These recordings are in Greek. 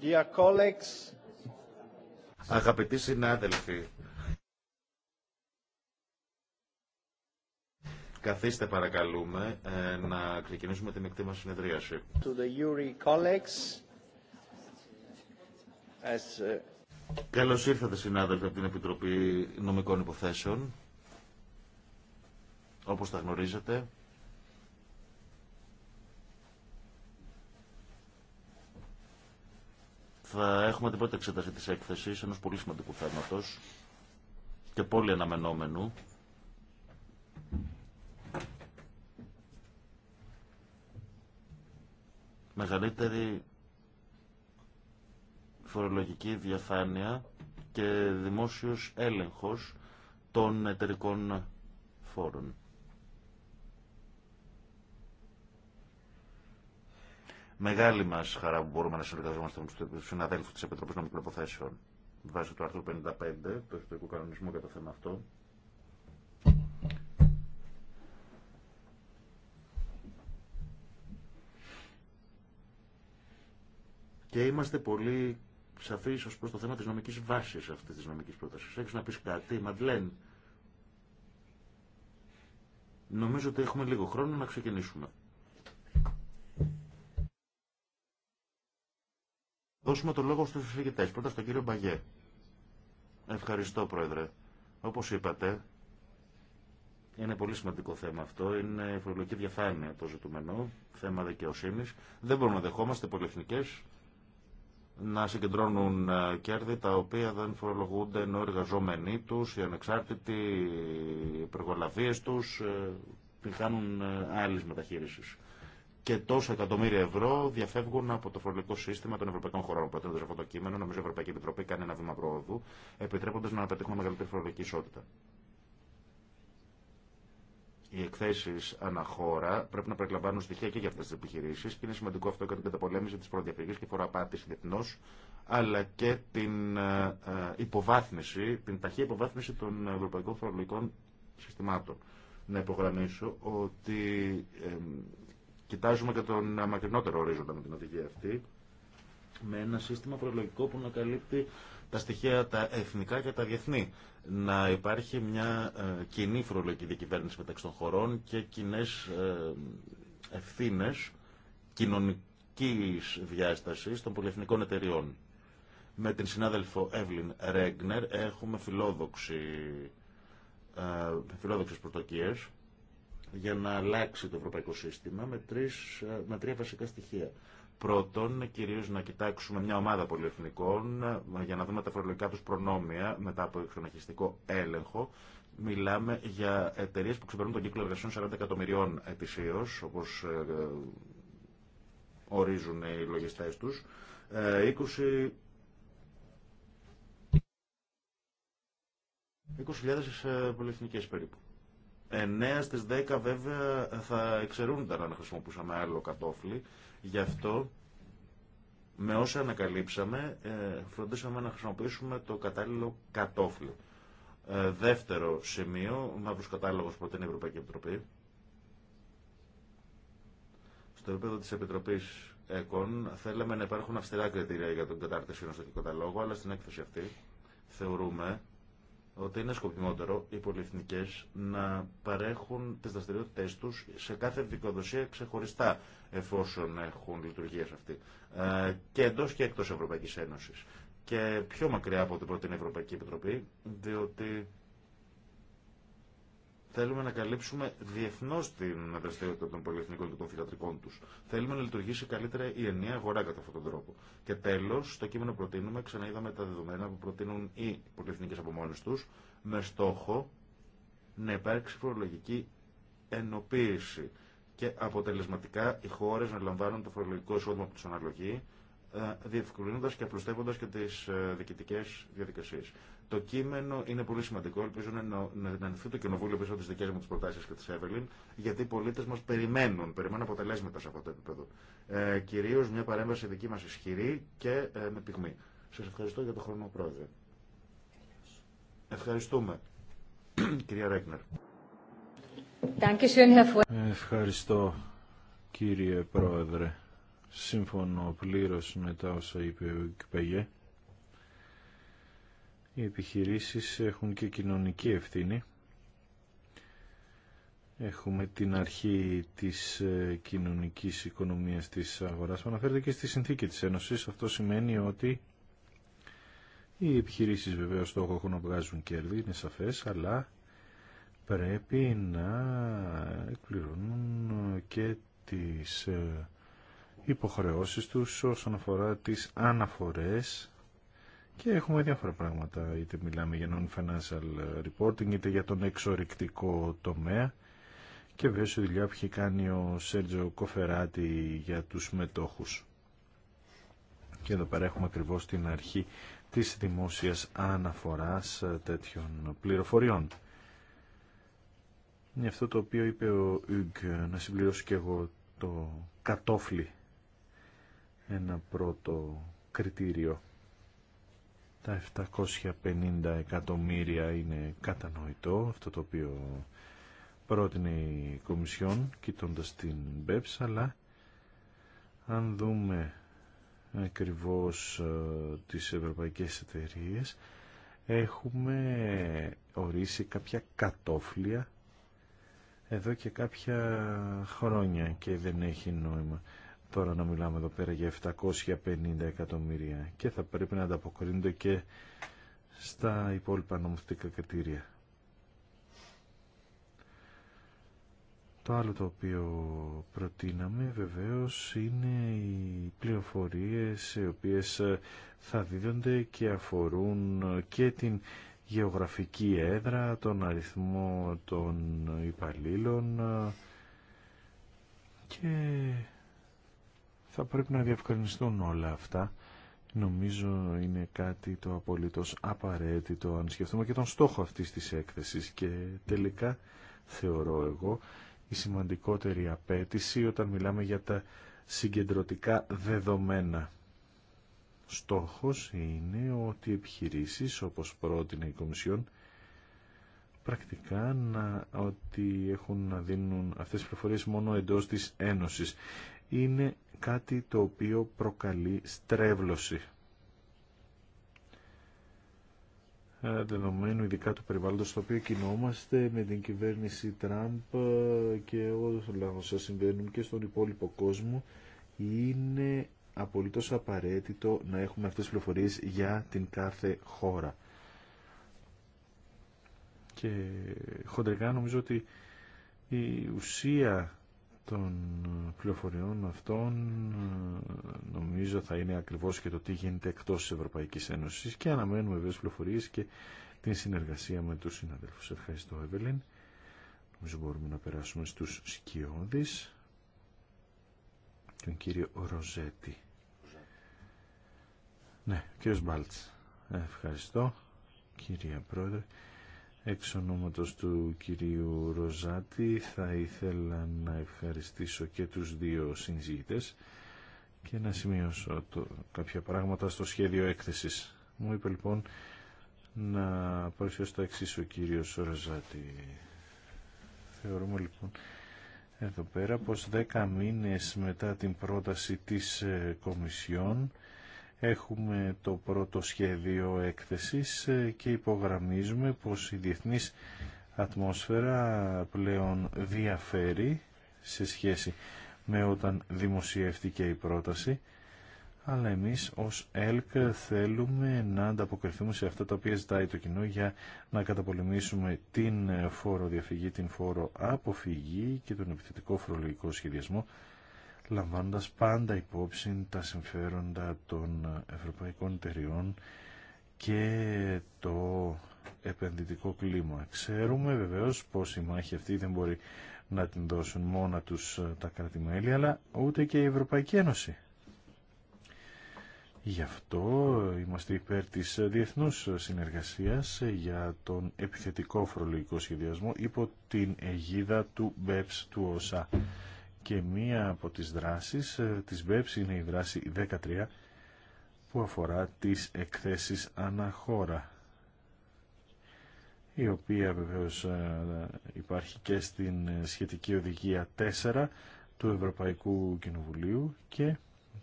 Dear colleagues. Αγαπητοί συνάδελφοι, καθίστε παρακαλούμε ε, να ξεκινήσουμε την εκτή μας συνεδρίαση. To the Yuri colleagues, as... Ε, Καλώς ήρθατε συνάδελφοι από την Επιτροπή Νομικών Υποθέσεων. Όπως τα γνωρίζετε, Θα έχουμε την πρώτη εξέταση της έκθεσης ενός πολύ σημαντικού θέματος και πολύ αναμενόμενου. Μεγαλύτερη φορολογική διαφάνεια και δημόσιος έλεγχος των εταιρικών φόρων. Μεγάλη μα χαρά που μπορούμε να συνεργαζόμαστε με του συναδέλφου τη Επιτροπή Νομικών Υποθέσεων βάσει του άρθρου 55 του εθνικού Κανονισμού για το θέμα αυτό. Και είμαστε πολύ σαφείς ως προ το θέμα τη νομική βάση αυτή τη νομική πρότασης. Έχει να πει κάτι, Μαντλέν. Νομίζω ότι έχουμε λίγο χρόνο να ξεκινήσουμε. δώσουμε το λόγο στους συζητητές. Πρώτα στον κύριο Μπαγιέ. Ευχαριστώ, Πρόεδρε. Όπως είπατε, είναι πολύ σημαντικό θέμα αυτό. Είναι φορολογική διαφάνεια το ζητούμενο, θέμα δικαιοσύνη. Δεν μπορούμε να δεχόμαστε πολυεθνικέ να συγκεντρώνουν ε, κέρδη τα οποία δεν φορολογούνται ενώ οι εργαζόμενοι του, οι ανεξάρτητοι, οι υπεργολαβίε του ε, την κάνουν ε, άλλη και τόσα εκατομμύρια ευρώ διαφεύγουν από το φορολογικό σύστημα των ευρωπαϊκών χωρών. Οπότε, σε αυτό το κείμενο, νομίζω η Ευρωπαϊκή Επιτροπή κάνει ένα βήμα προόδου, επιτρέποντα να πετύχουμε μεγαλύτερη φορολογική ισότητα. Οι εκθέσει αναχώρα πρέπει να περιλαμβάνουν στοιχεία και για αυτέ τι επιχειρήσει και είναι σημαντικό αυτό για την καταπολέμηση τη προδιαφυγή και φοροαπάτη διεθνώ, αλλά και την ε, ε, υποβάθμιση, την ταχεία υποβάθμιση των ευρωπαϊκών φορολογικών συστημάτων. Να υπογραμμίσω ότι κοιτάζουμε και τον μακρινότερο ορίζοντα με την οδηγία αυτή, με ένα σύστημα προλογικό που να καλύπτει τα στοιχεία τα εθνικά και τα διεθνή. Να υπάρχει μια ε, κοινή φορολογική διακυβέρνηση μεταξύ των χωρών και κοινέ ε, ευθύνε κοινωνική διάσταση των πολυεθνικών εταιριών. Με την συνάδελφο Εύλιν Ρέγνερ έχουμε φιλόδοξε φιλόδοξες για να αλλάξει το ευρωπαϊκό σύστημα με, τρεις, ε, με τρία βασικά στοιχεία. Πρώτον, κυρίω να κοιτάξουμε μια ομάδα πολυεθνικών ε, για να δούμε τα φορολογικά του προνόμια μετά από εξοναχιστικό έλεγχο. Μιλάμε για εταιρείε που ξεπερνούν τον κύκλο εργασιών 40 εκατομμυρίων ετησίω, όπω ε, ορίζουν οι λογιστέ του. 20.000 πολυεθνικές περίπου. 9 στις 10 βέβαια θα εξαιρούνταν αν χρησιμοποιούσαμε άλλο κατόφλι. Γι' αυτό με όσα ανακαλύψαμε ε, φροντίσαμε να χρησιμοποιήσουμε το κατάλληλο κατόφλι. Ε, δεύτερο σημείο, μαύρο μαύρος κατάλογος την Ευρωπαϊκή Επιτροπή. Στο επίπεδο της Επιτροπής ΕΚΟΝ θέλαμε να υπάρχουν αυστηρά κριτήρια για τον κατάρτιση ενός τέτοιου καταλόγου, αλλά στην έκθεση αυτή θεωρούμε ότι είναι σκοπιμότερο οι πολυεθνικέ να παρέχουν τι δραστηριότητε του σε κάθε δικοδοσία ξεχωριστά εφόσον έχουν λειτουργία σε αυτή ε, και εντό και εκτό Ευρωπαϊκής Ένωσης και πιο μακριά από την πρώτη Ευρωπαϊκή Επιτροπή διότι Θέλουμε να καλύψουμε διεθνώ την δραστηριότητα των πολυεθνικών και των φυλατρικών του. Θέλουμε να λειτουργήσει καλύτερα η ενιαία αγορά κατά αυτόν τον τρόπο. Και τέλο, στο κείμενο προτείνουμε, ξαναείδαμε τα δεδομένα που προτείνουν οι πολυεθνικέ από μόνε του, με στόχο να υπάρξει φορολογική ενοποίηση και αποτελεσματικά οι χώρε να λαμβάνουν το φορολογικό εισόδημα που του αναλογεί, διευκολύνοντα και απλουστεύοντα και τι ε, διοικητικέ διαδικασίε. Το κείμενο είναι πολύ σημαντικό. Ελπίζω να ενανθεί το κοινοβούλιο πίσω από τι δικέ μου προτάσει και τη Εύελιν, γιατί οι πολίτε μα περιμένουν, περιμένουν αποτελέσματα σε αυτό το επίπεδο. Ε, Κυρίω μια παρέμβαση δική μα ισχυρή και ε, με πυγμή. Σα ευχαριστώ για το χρόνο, Πρόεδρε. Ευχαριστούμε. Κυρία Ρέκνερ. Ευχαριστώ, κύριε Πρόεδρε. Σύμφωνο πλήρω με τα όσα είπε ο Κυπεγέ οι επιχειρήσεις έχουν και κοινωνική ευθύνη. Έχουμε την αρχή της ε, κοινωνικής οικονομίας της αγοράς που αναφέρεται και στη συνθήκη της Ένωσης. Αυτό σημαίνει ότι οι επιχειρήσεις βεβαίως στόχο έχουν να βγάζουν κέρδη, είναι σαφές, αλλά πρέπει να εκπληρώνουν και τις ε, υποχρεώσεις τους όσον αφορά τις αναφορές και έχουμε διάφορα πράγματα, είτε μιλάμε για non-financial reporting, είτε για τον εξορρυκτικό τομέα. Και βέβαια η δουλειά που έχει κάνει ο Σέρτζο Κοφεράτη για τους μετόχους. Και εδώ πέρα έχουμε ακριβώς την αρχή της δημόσιας αναφοράς τέτοιων πληροφοριών. Είναι αυτό το οποίο είπε ο Ιγκ, να συμπληρώσω και εγώ το κατόφλι, ένα πρώτο κριτήριο τα 750 εκατομμύρια είναι κατανοητό αυτό το οποίο πρότεινε η Κομισιόν κοιτώντας την BEPS αλλά αν δούμε ακριβώς ε, τις ευρωπαϊκές εταιρείε έχουμε ορίσει κάποια κατόφλια εδώ και κάποια χρόνια και δεν έχει νόημα τώρα να μιλάμε εδώ πέρα για 750 εκατομμύρια και θα πρέπει να ανταποκρίνονται και στα υπόλοιπα νομοθετικά κριτήρια. Το άλλο το οποίο προτείναμε βεβαίως είναι οι πληροφορίες οι οποίες θα δίδονται και αφορούν και την γεωγραφική έδρα, τον αριθμό των υπαλλήλων και θα πρέπει να διευκρινιστούν όλα αυτά. Νομίζω είναι κάτι το απολύτως απαραίτητο αν σκεφτούμε και τον στόχο αυτής της έκθεσης και τελικά θεωρώ εγώ η σημαντικότερη απέτηση όταν μιλάμε για τα συγκεντρωτικά δεδομένα. Στόχος είναι ότι οι επιχειρήσεις όπως πρότεινε η Κομισιόν πρακτικά να, ότι έχουν να δίνουν αυτές τις προφορίες μόνο εντός της Ένωσης. Είναι κάτι το οποίο προκαλεί στρέβλωση. Ε, δεδομένου ειδικά του περιβάλλοντος στο οποίο κινόμαστε με την κυβέρνηση Τραμπ και όσο συμβαίνουν και στον υπόλοιπο κόσμο είναι απολύτως απαραίτητο να έχουμε αυτές τις πληροφορίες για την κάθε χώρα. Και χοντρικά νομίζω ότι η ουσία των ε, πληροφοριών αυτών ε, νομίζω θα είναι ακριβώς και το τι γίνεται εκτός της Ευρωπαϊκής Ένωσης και αναμένουμε βέβαια πληροφορίες και την συνεργασία με τους συναδέλφους. Ευχαριστώ Εύελιν. Νομίζω μπορούμε να περάσουμε στους σκιώδεις τον κύριο Ροζέτη. Ναι, κύριος Μπάλτς. Ευχαριστώ κύριε Πρόεδρε. Εξ ονόματος του κυρίου Ροζάτη θα ήθελα να ευχαριστήσω και τους δύο συνζήτες και να σημειώσω το, κάποια πράγματα στο σχέδιο έκθεσης. Μου είπε λοιπόν να παρουσιάσω τα εξής ο κύριος Ροζάτη. Θεωρούμε λοιπόν εδώ πέρα πως δέκα μήνες μετά την πρόταση της ε, Κομισιόν Έχουμε το πρώτο σχέδιο έκθεσης ε, και υπογραμμίζουμε πως η διεθνής ατμόσφαιρα πλέον διαφέρει σε σχέση με όταν δημοσιεύτηκε η πρόταση αλλά εμείς ως ΕΛΚ θέλουμε να ανταποκριθούμε σε αυτά τα οποία ζητάει το κοινό για να καταπολεμήσουμε την φόρο διαφυγή, την φόρο αποφυγή και τον επιθετικό φορολογικό σχεδιασμό λαμβάνοντας πάντα υπόψη τα συμφέροντα των ευρωπαϊκών εταιριών και το επενδυτικό κλίμα. Ξέρουμε βεβαίως πως η μάχη αυτή δεν μπορεί να την δώσουν μόνα τους ε, τα κράτη-μέλη αλλά ούτε και η Ευρωπαϊκή Ένωση. Γι' αυτό είμαστε υπέρ της ε, διεθνούς ε, συνεργασίας για τον επιθετικό φορολογικό σχεδιασμό υπό την αιγίδα του BEPS του ΩΣΑ και μία από τις δράσεις ε, της BEPS είναι η δράση 13 που αφορά τις εκθέσεις αναχώρα η οποία βεβαίως ε, υπάρχει και στην ε, σχετική οδηγία 4 του Ευρωπαϊκού Κοινοβουλίου και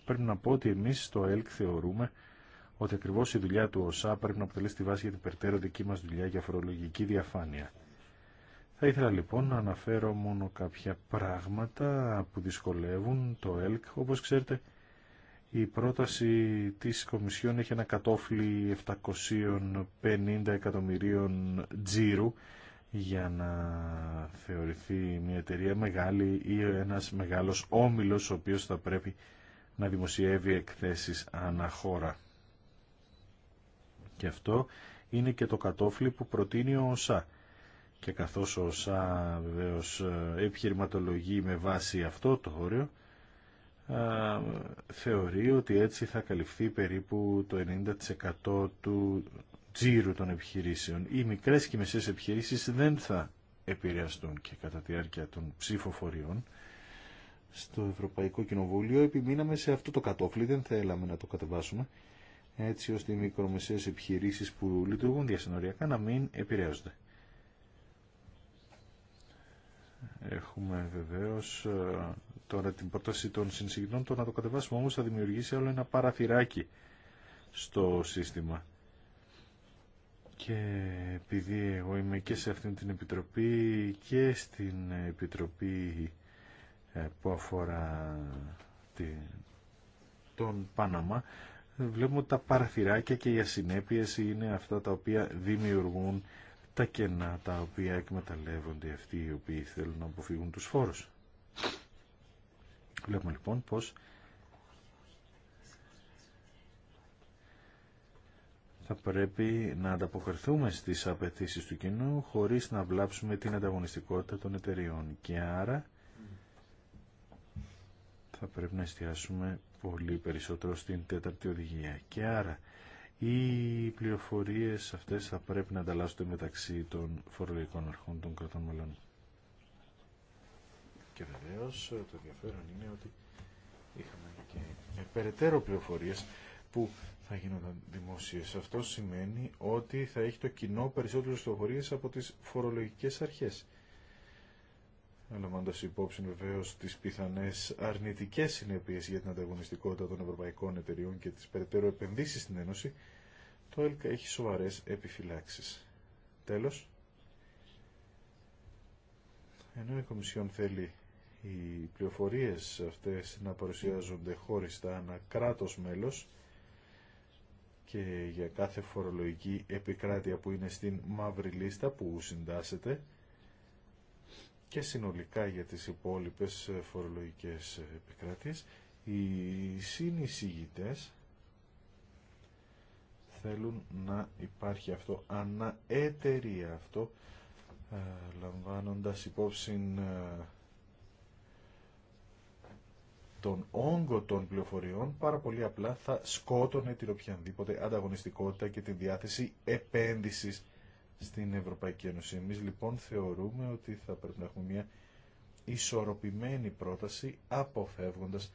πρέπει να πω ότι εμείς στο ΕΛΚ θεωρούμε ότι ακριβώς η δουλειά του ΩΣΑ πρέπει να αποτελεί τη βάση για την περτέρω δική μας δουλειά για φορολογική διαφάνεια. Θα ήθελα λοιπόν να αναφέρω μόνο κάποια πράγματα που δυσκολεύουν το ΕΛΚ. Όπως ξέρετε, η πρόταση της Κομισιόν έχει ένα κατόφλι 750 εκατομμυρίων τζίρου για να θεωρηθεί μια εταιρεία μεγάλη ή ένας μεγάλος όμιλος ο οποίος θα πρέπει να δημοσιεύει εκθέσεις αναχώρα. Και αυτό είναι και το κατόφλι που προτείνει ο και καθώς ο ΣΑ βεβαίως ε, επιχειρηματολογεί με βάση αυτό το όριο θεωρεί ότι έτσι θα καλυφθεί περίπου το 90% του τζίρου των επιχειρήσεων. Οι μικρές και μεσαίες επιχειρήσεις δεν θα επηρεαστούν και κατά τη διάρκεια των ψηφοφοριών στο Ευρωπαϊκό Κοινοβούλιο επιμείναμε σε αυτό το κατόφλι, δεν θέλαμε να το κατεβάσουμε έτσι ώστε οι μικρομεσαίες επιχειρήσεις που λειτουργούν διασυνοριακά να μην επηρεάζονται. Έχουμε βεβαίως ε, τώρα την πρόταση των συνσηγητών, το να το κατεβάσουμε όμως θα δημιουργήσει όλο ένα παραθυράκι στο σύστημα. Και επειδή εγώ είμαι και σε αυτήν την επιτροπή και στην επιτροπή ε, που αφορά την, τον Πάναμα, ε, βλέπουμε ότι τα παραθυράκια και οι ασυνέπειες είναι αυτά τα οποία δημιουργούν τα κενά τα οποία εκμεταλλεύονται αυτοί οι οποίοι θέλουν να αποφύγουν τους φόρους. Βλέπουμε λοιπόν πως θα πρέπει να ανταποκριθούμε στις απαιτήσει του κοινού χωρίς να βλάψουμε την ανταγωνιστικότητα των εταιριών και άρα θα πρέπει να εστιάσουμε πολύ περισσότερο στην τέταρτη οδηγία και άρα οι πληροφορίες αυτές θα πρέπει να ανταλλάσσονται μεταξύ των φορολογικών αρχών των κρατών μελών. Και βεβαίω το ενδιαφέρον είναι ότι είχαμε και περαιτέρω πληροφορίες που θα γίνονταν δημόσιες. Αυτό σημαίνει ότι θα έχει το κοινό περισσότερες πληροφορίες από τις φορολογικές αρχές λαμβάνοντα υπόψη βεβαίω τι πιθανέ αρνητικέ συνέπειε για την ανταγωνιστικότητα των ευρωπαϊκών εταιριών και τι περαιτέρω επενδύσει στην Ένωση, το ΕΛΚΑ έχει σοβαρέ επιφυλάξει. Τέλο, ενώ η Κομισιόν θέλει οι πληροφορίε αυτέ να παρουσιάζονται χωριστά ανά κράτο μέλο και για κάθε φορολογική επικράτεια που είναι στην μαύρη λίστα που συντάσσεται, και συνολικά για τις υπόλοιπες ε, φορολογικές ε, επικράτειες, οι συνεισηγητές θέλουν να υπάρχει αυτό ανά αυτό ε, λαμβάνοντας υπόψη τον όγκο των πληροφοριών πάρα πολύ απλά θα σκότωνε την οποιανδήποτε ανταγωνιστικότητα και την διάθεση επένδυσης στην Ευρωπαϊκή Ένωση. Εμείς λοιπόν θεωρούμε ότι θα πρέπει να έχουμε μια ισορροπημένη πρόταση αποφεύγοντας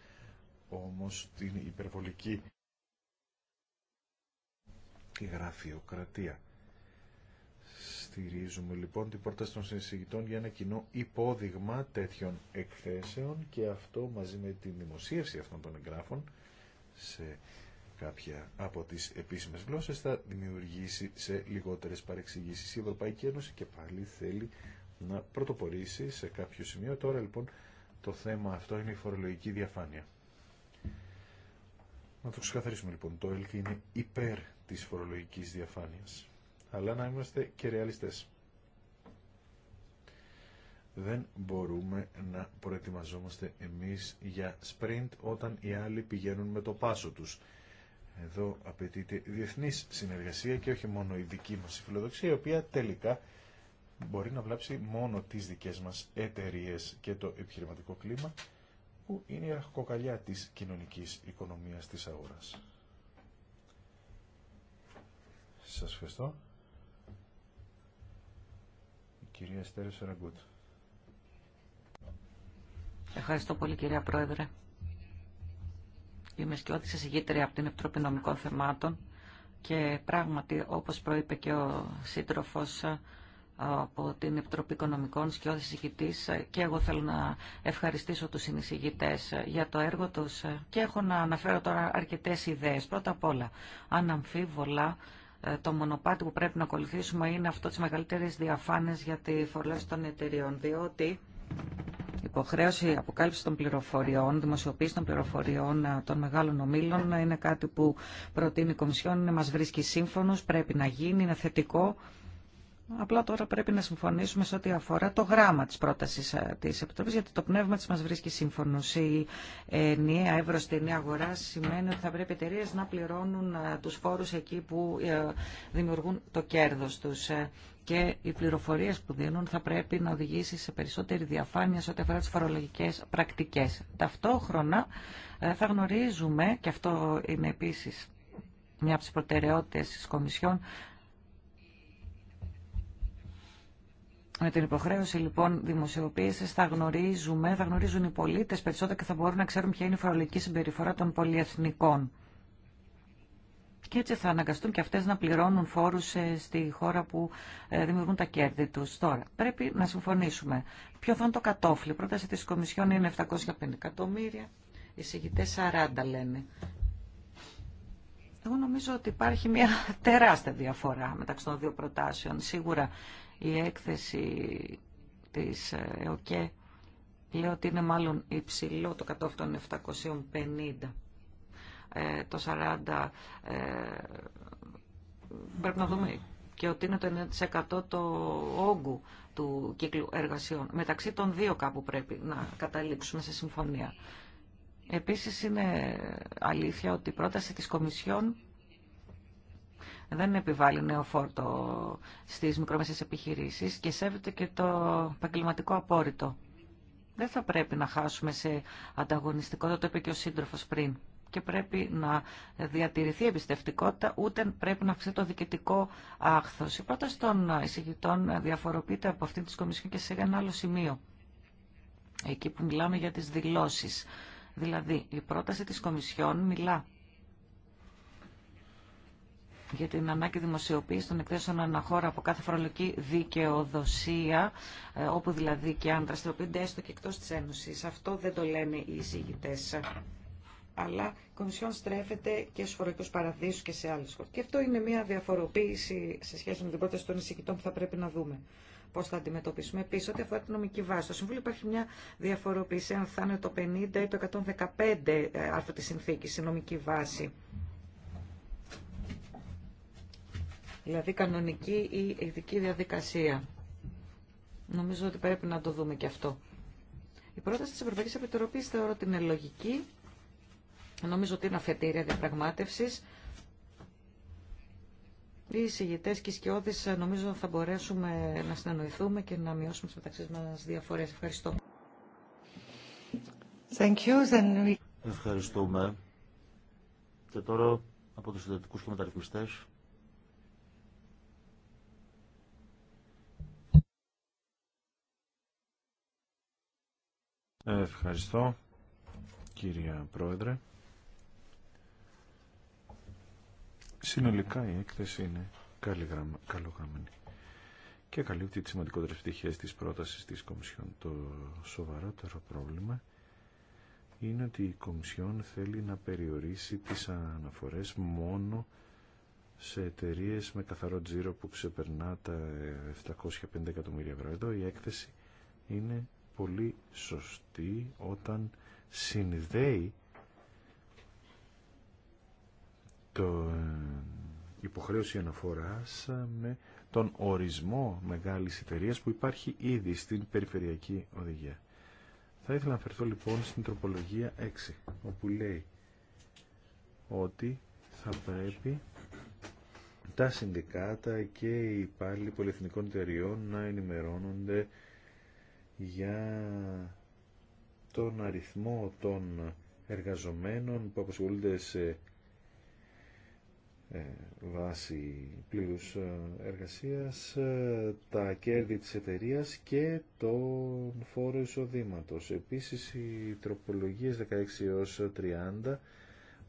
όμως την υπερβολική τη γραφειοκρατία. Στηρίζουμε λοιπόν την πρόταση των συνεισηγητών για ένα κοινό υπόδειγμα τέτοιων εκθέσεων και αυτό μαζί με την δημοσίευση αυτών των εγγράφων σε κάποια από τις επίσημες γλώσσες θα δημιουργήσει σε λιγότερες παρεξηγήσεις η Ευρωπαϊκή Ένωση και πάλι θέλει να πρωτοπορήσει σε κάποιο σημείο. Τώρα λοιπόν το θέμα αυτό είναι η φορολογική διαφάνεια. Να το ξεκαθαρίσουμε λοιπόν. Το ΕΛΚ είναι υπέρ της φορολογικής διαφάνειας. Αλλά να είμαστε και ρεαλιστές. Δεν μπορούμε να προετοιμαζόμαστε εμείς για sprint όταν οι άλλοι πηγαίνουν με το πάσο τους. Εδώ απαιτείται διεθνή συνεργασία και όχι μόνο η δική μα φιλοδοξία, η οποία τελικά μπορεί να βλάψει μόνο τις δικές μας εταιρείε και το επιχειρηματικό κλίμα, που είναι η αρχοκοκαλιά της κοινωνικής οικονομία της αγορά. Σας ευχαριστώ. Η κυρία στέρε Σαραγκούτ. Ευχαριστώ πολύ κυρία Πρόεδρε. Είμαι σκιώδη εισηγήτρια από την Επιτροπή Νομικών Θεμάτων και πράγματι, όπως προείπε και ο σύντροφο ε, από την Επιτροπή Οικονομικών σκιώδη εισηγητής ε, και εγώ θέλω να ευχαριστήσω τους συνεισηγητές ε, για το έργο τους και έχω να αναφέρω τώρα αρκετές ιδέες. Πρώτα απ' όλα, αν αμφίβολα, το μονοπάτι που πρέπει να ακολουθήσουμε είναι αυτό της μεγαλύτερης διαφάνειας για τη φορολόγηση των εταιριών, διότι υποχρέωση αποκάλυψη των πληροφοριών, δημοσιοποίηση των πληροφοριών των μεγάλων ομίλων ε, είναι κάτι που προτείνει η Κομισιόν, ε, μας βρίσκει σύμφωνος, πρέπει να γίνει, είναι θετικό. Απλά τώρα πρέπει να συμφωνήσουμε σε ό,τι αφορά το γράμμα της πρότασης ε, της Επιτροπής, γιατί το πνεύμα της μας βρίσκει σύμφωνος. Η ενιαία ευρωστηνή αγορά σημαίνει ότι θα πρέπει οι εταιρείε να πληρώνουν ε, τους φόρους εκεί που ε, δημιουργούν το κέρδος τους και οι πληροφορίες που δίνουν θα πρέπει να οδηγήσει σε περισσότερη διαφάνεια σε ό,τι αφορά τις φορολογικές πρακτικές. Ταυτόχρονα θα γνωρίζουμε, και αυτό είναι επίσης μια από τις προτεραιότητες της Κομισιόν, Με την υποχρέωση λοιπόν δημοσιοποίηση θα γνωρίζουμε, θα γνωρίζουν οι πολίτε περισσότερο και θα μπορούν να ξέρουν ποια είναι η φορολογική συμπεριφορά των πολυεθνικών. Και έτσι θα αναγκαστούν και αυτέ να πληρώνουν φόρου ε, στη χώρα που ε, δημιουργούν τα κέρδη του. Τώρα, πρέπει να συμφωνήσουμε. Ποιο θα είναι το κατόφλι. Η πρόταση τη Κομισιόν είναι 750 εκατομμύρια. Οι συγκητέ 40 λένε. Εγώ νομίζω ότι υπάρχει μια τεράστια διαφορά μεταξύ των δύο προτάσεων. Σίγουρα η έκθεση της ε, ΕΟΚΕ λέει ότι είναι μάλλον υψηλό το κατόφλι των 750. Ε, το 40 ε, πρέπει να δούμε και ότι είναι το 9% το όγκου του κύκλου εργασιών. Μεταξύ των δύο κάπου πρέπει να καταλήξουμε σε συμφωνία. Επίσης είναι αλήθεια ότι η πρόταση της Κομισιόν δεν επιβάλλει νέο φόρτο στι μικρομεσαίες επιχειρήσει και σέβεται και το επαγγελματικό απόρριτο. Δεν θα πρέπει να χάσουμε σε ανταγωνιστικότητα, το είπε και ο σύντροφο πριν. Και πρέπει να διατηρηθεί η εμπιστευτικότητα, ούτε πρέπει να αυξηθεί το διοικητικό άχθο. Η πρόταση των εισηγητών διαφοροποιείται από αυτήν τη Κομισιόν και σε ένα άλλο σημείο. Εκεί που μιλάμε για τι δηλώσει. Δηλαδή, η πρόταση της Κομισιόν μιλά για την ανάγκη δημοσιοποίηση των εκθέσεων αναχώρα από κάθε φορολογική δικαιοδοσία, ε, όπου δηλαδή και αν δραστηριοποιούνται έστω και εκτό τη Ένωση. Αυτό δεν το λένε οι εισηγητέ. Αλλά η Κομισιόν στρέφεται και στου φορολογικού παραδείσου και σε άλλε χώρε. Και αυτό είναι μια διαφοροποίηση σε σχέση με την πρόταση των εισηγητών που θα πρέπει να δούμε πώ θα αντιμετωπίσουμε. επίση ό,τι αφορά την νομική βάση, στο Συμβούλιο υπάρχει μια διαφοροποίηση αν θα είναι το 50 ή το 115 ε, άρθρο τη συνθήκη η νομική βάση. δηλαδή κανονική ή ειδική διαδικασία. Νομίζω ότι πρέπει να το δούμε και αυτό. Η πρόταση της Ευρωπαϊκής Επιτροπής θεωρώ ότι είναι λογική. Νομίζω ότι είναι αφετήρια διαπραγμάτευσης. Οι εισηγητές και οι σκιώδει νομίζω θα μπορέσουμε να συνεννοηθούμε και να μειώσουμε τις μεταξύ μα διαφορές. Ευχαριστώ. Thank you. Ευχαριστούμε. Και τώρα από τους συνδετικούς και μεταρρυθμιστές Ευχαριστώ, κυρία Πρόεδρε. Συνολικά η έκθεση είναι καλογραμμένη και καλύπτει τις σημαντικότερες πτυχές της πρότασης της Κομισιόν. Το σοβαρότερο πρόβλημα είναι ότι η Κομισιόν θέλει να περιορίσει τις αναφορές μόνο σε εταιρείε με καθαρό τζίρο που ξεπερνά τα 750 εκατομμύρια ευρώ. Εδώ η έκθεση είναι πολύ σωστή όταν συνδέει το ε, υποχρέωση αναφοράς ε, με τον ορισμό μεγάλης εταιρείας που υπάρχει ήδη στην περιφερειακή οδηγία. Θα ήθελα να αφαιρθώ λοιπόν στην τροπολογία 6, όπου λέει ότι θα πρέπει τα συνδικάτα και οι υπάλληλοι πολυεθνικών εταιριών να ενημερώνονται για τον αριθμό των εργαζομένων που απασχολούνται σε ε, βάση πλήρους ε, εργασίας, ε, τα κέρδη της εταιρείας και τον φόρο εισοδήματος. Επίσης οι τροπολογίες 16 έως 30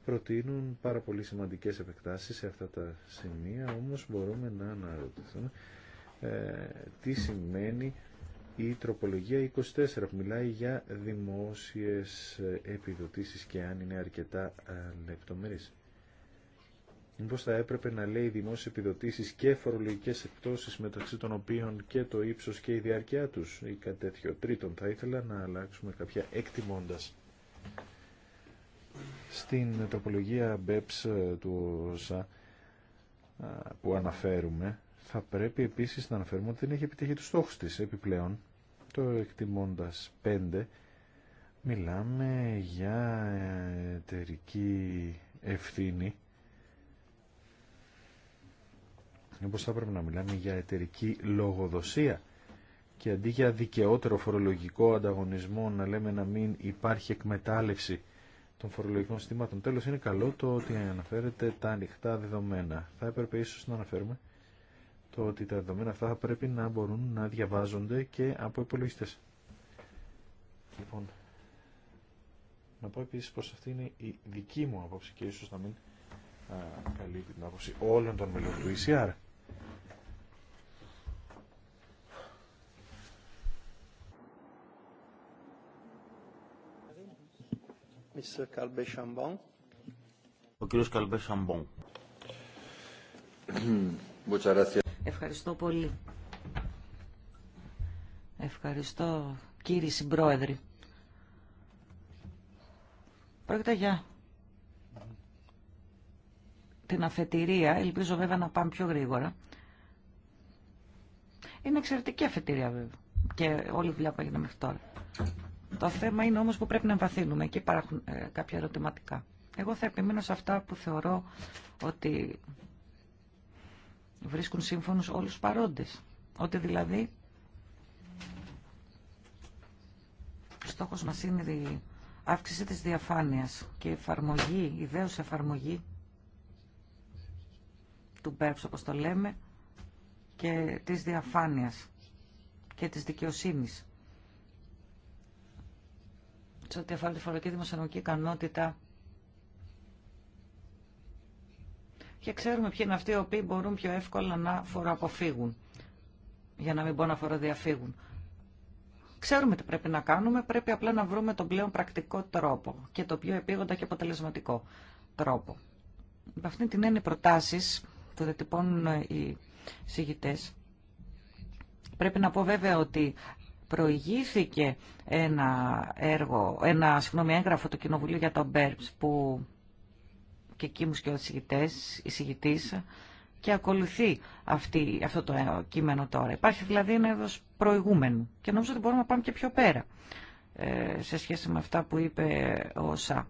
προτείνουν πάρα πολύ σημαντικές επεκτάσεις σε αυτά τα σημεία, όμως μπορούμε να αναρωτηθούμε τι σημαίνει η τροπολογία 24 που μιλάει για δημόσιες επιδοτήσεις και αν είναι αρκετά ε, λεπτομέρειες. Μήπω θα έπρεπε να λέει δημόσιες επιδοτήσεις και φορολογικές εκτόσει μεταξύ των οποίων και το ύψος και η διάρκεια τους ή κάτι τέτοιο. Τρίτον, θα ήθελα να αλλάξουμε κάποια εκτιμώντας. Στην τροπολογία BEPS ε, του ΩΣΑ ε, που αναφέρουμε θα πρέπει επίσης να αναφέρουμε ότι δεν έχει επιτύχει τους στόχους της επιπλέον. Το εκτιμώντας 5 μιλάμε για εταιρική ευθύνη. Όπως θα πρέπει να μιλάμε για εταιρική λογοδοσία και αντί για δικαιότερο φορολογικό ανταγωνισμό να λέμε να μην υπάρχει εκμετάλλευση των φορολογικών συστημάτων. Τέλος είναι καλό το ότι αναφέρεται τα ανοιχτά δεδομένα. Θα έπρεπε ίσως να αναφέρουμε το ότι τα δεδομένα αυτά θα πρέπει να μπορούν να διαβάζονται και από υπολογιστέ. Λοιπόν, να πω επίση πω αυτή είναι η δική μου άποψη και ίσω να μην α, καλύπτει την άποψη όλων των μελών του ECR. Ο κύριος Καλμπέ Σαμπόν. Ευχαριστώ πολύ. Ευχαριστώ κύριε Συμπρόεδρε. Πρόκειται για την αφετηρία, ελπίζω βέβαια να πάμε πιο γρήγορα. Είναι εξαιρετική αφετηρία βέβαια και όλη η δουλειά που έγινε μέχρι τώρα. Το θέμα είναι όμως που πρέπει να εμβαθύνουμε. Εκεί υπάρχουν ε, κάποια ερωτηματικά. Εγώ θα επιμείνω σε αυτά που θεωρώ ότι βρίσκουν σύμφωνους όλους τους παρόντες. Ότι δηλαδή στόχος μας είναι η αύξηση της διαφάνειας και εφαρμογή, ιδέως εφαρμογή του ΜΠΕΠΣ όπως το λέμε και της διαφάνειας και της δικαιοσύνης. Σε ό,τι αφορά τη φορολογική δημοσιονομική ικανότητα και ξέρουμε ποιοι είναι αυτοί οι οποίοι μπορούν πιο εύκολα να φοροαποφύγουν, για να μην μπορούν να φοροδιαφύγουν. Ξέρουμε τι πρέπει να κάνουμε, πρέπει απλά να βρούμε τον πλέον πρακτικό τρόπο και το πιο επίγοντα και αποτελεσματικό τρόπο. Με αυτήν την έννοια προτάσεις που διατυπώνουν οι συγητές, πρέπει να πω βέβαια ότι προηγήθηκε ένα έργο, ένα συγγνώμη έγγραφο του Κοινοβουλίου για τον Μπέρπς που και εκεί μου και εισηγητής και ακολουθεί αυτό το ε, κείμενο τώρα. Υπάρχει δηλαδή ένα έδος προηγούμενου και νομίζω ότι μπορούμε να πάμε και πιο πέρα ε, σε σχέση με αυτά που είπε ο ΣΑ.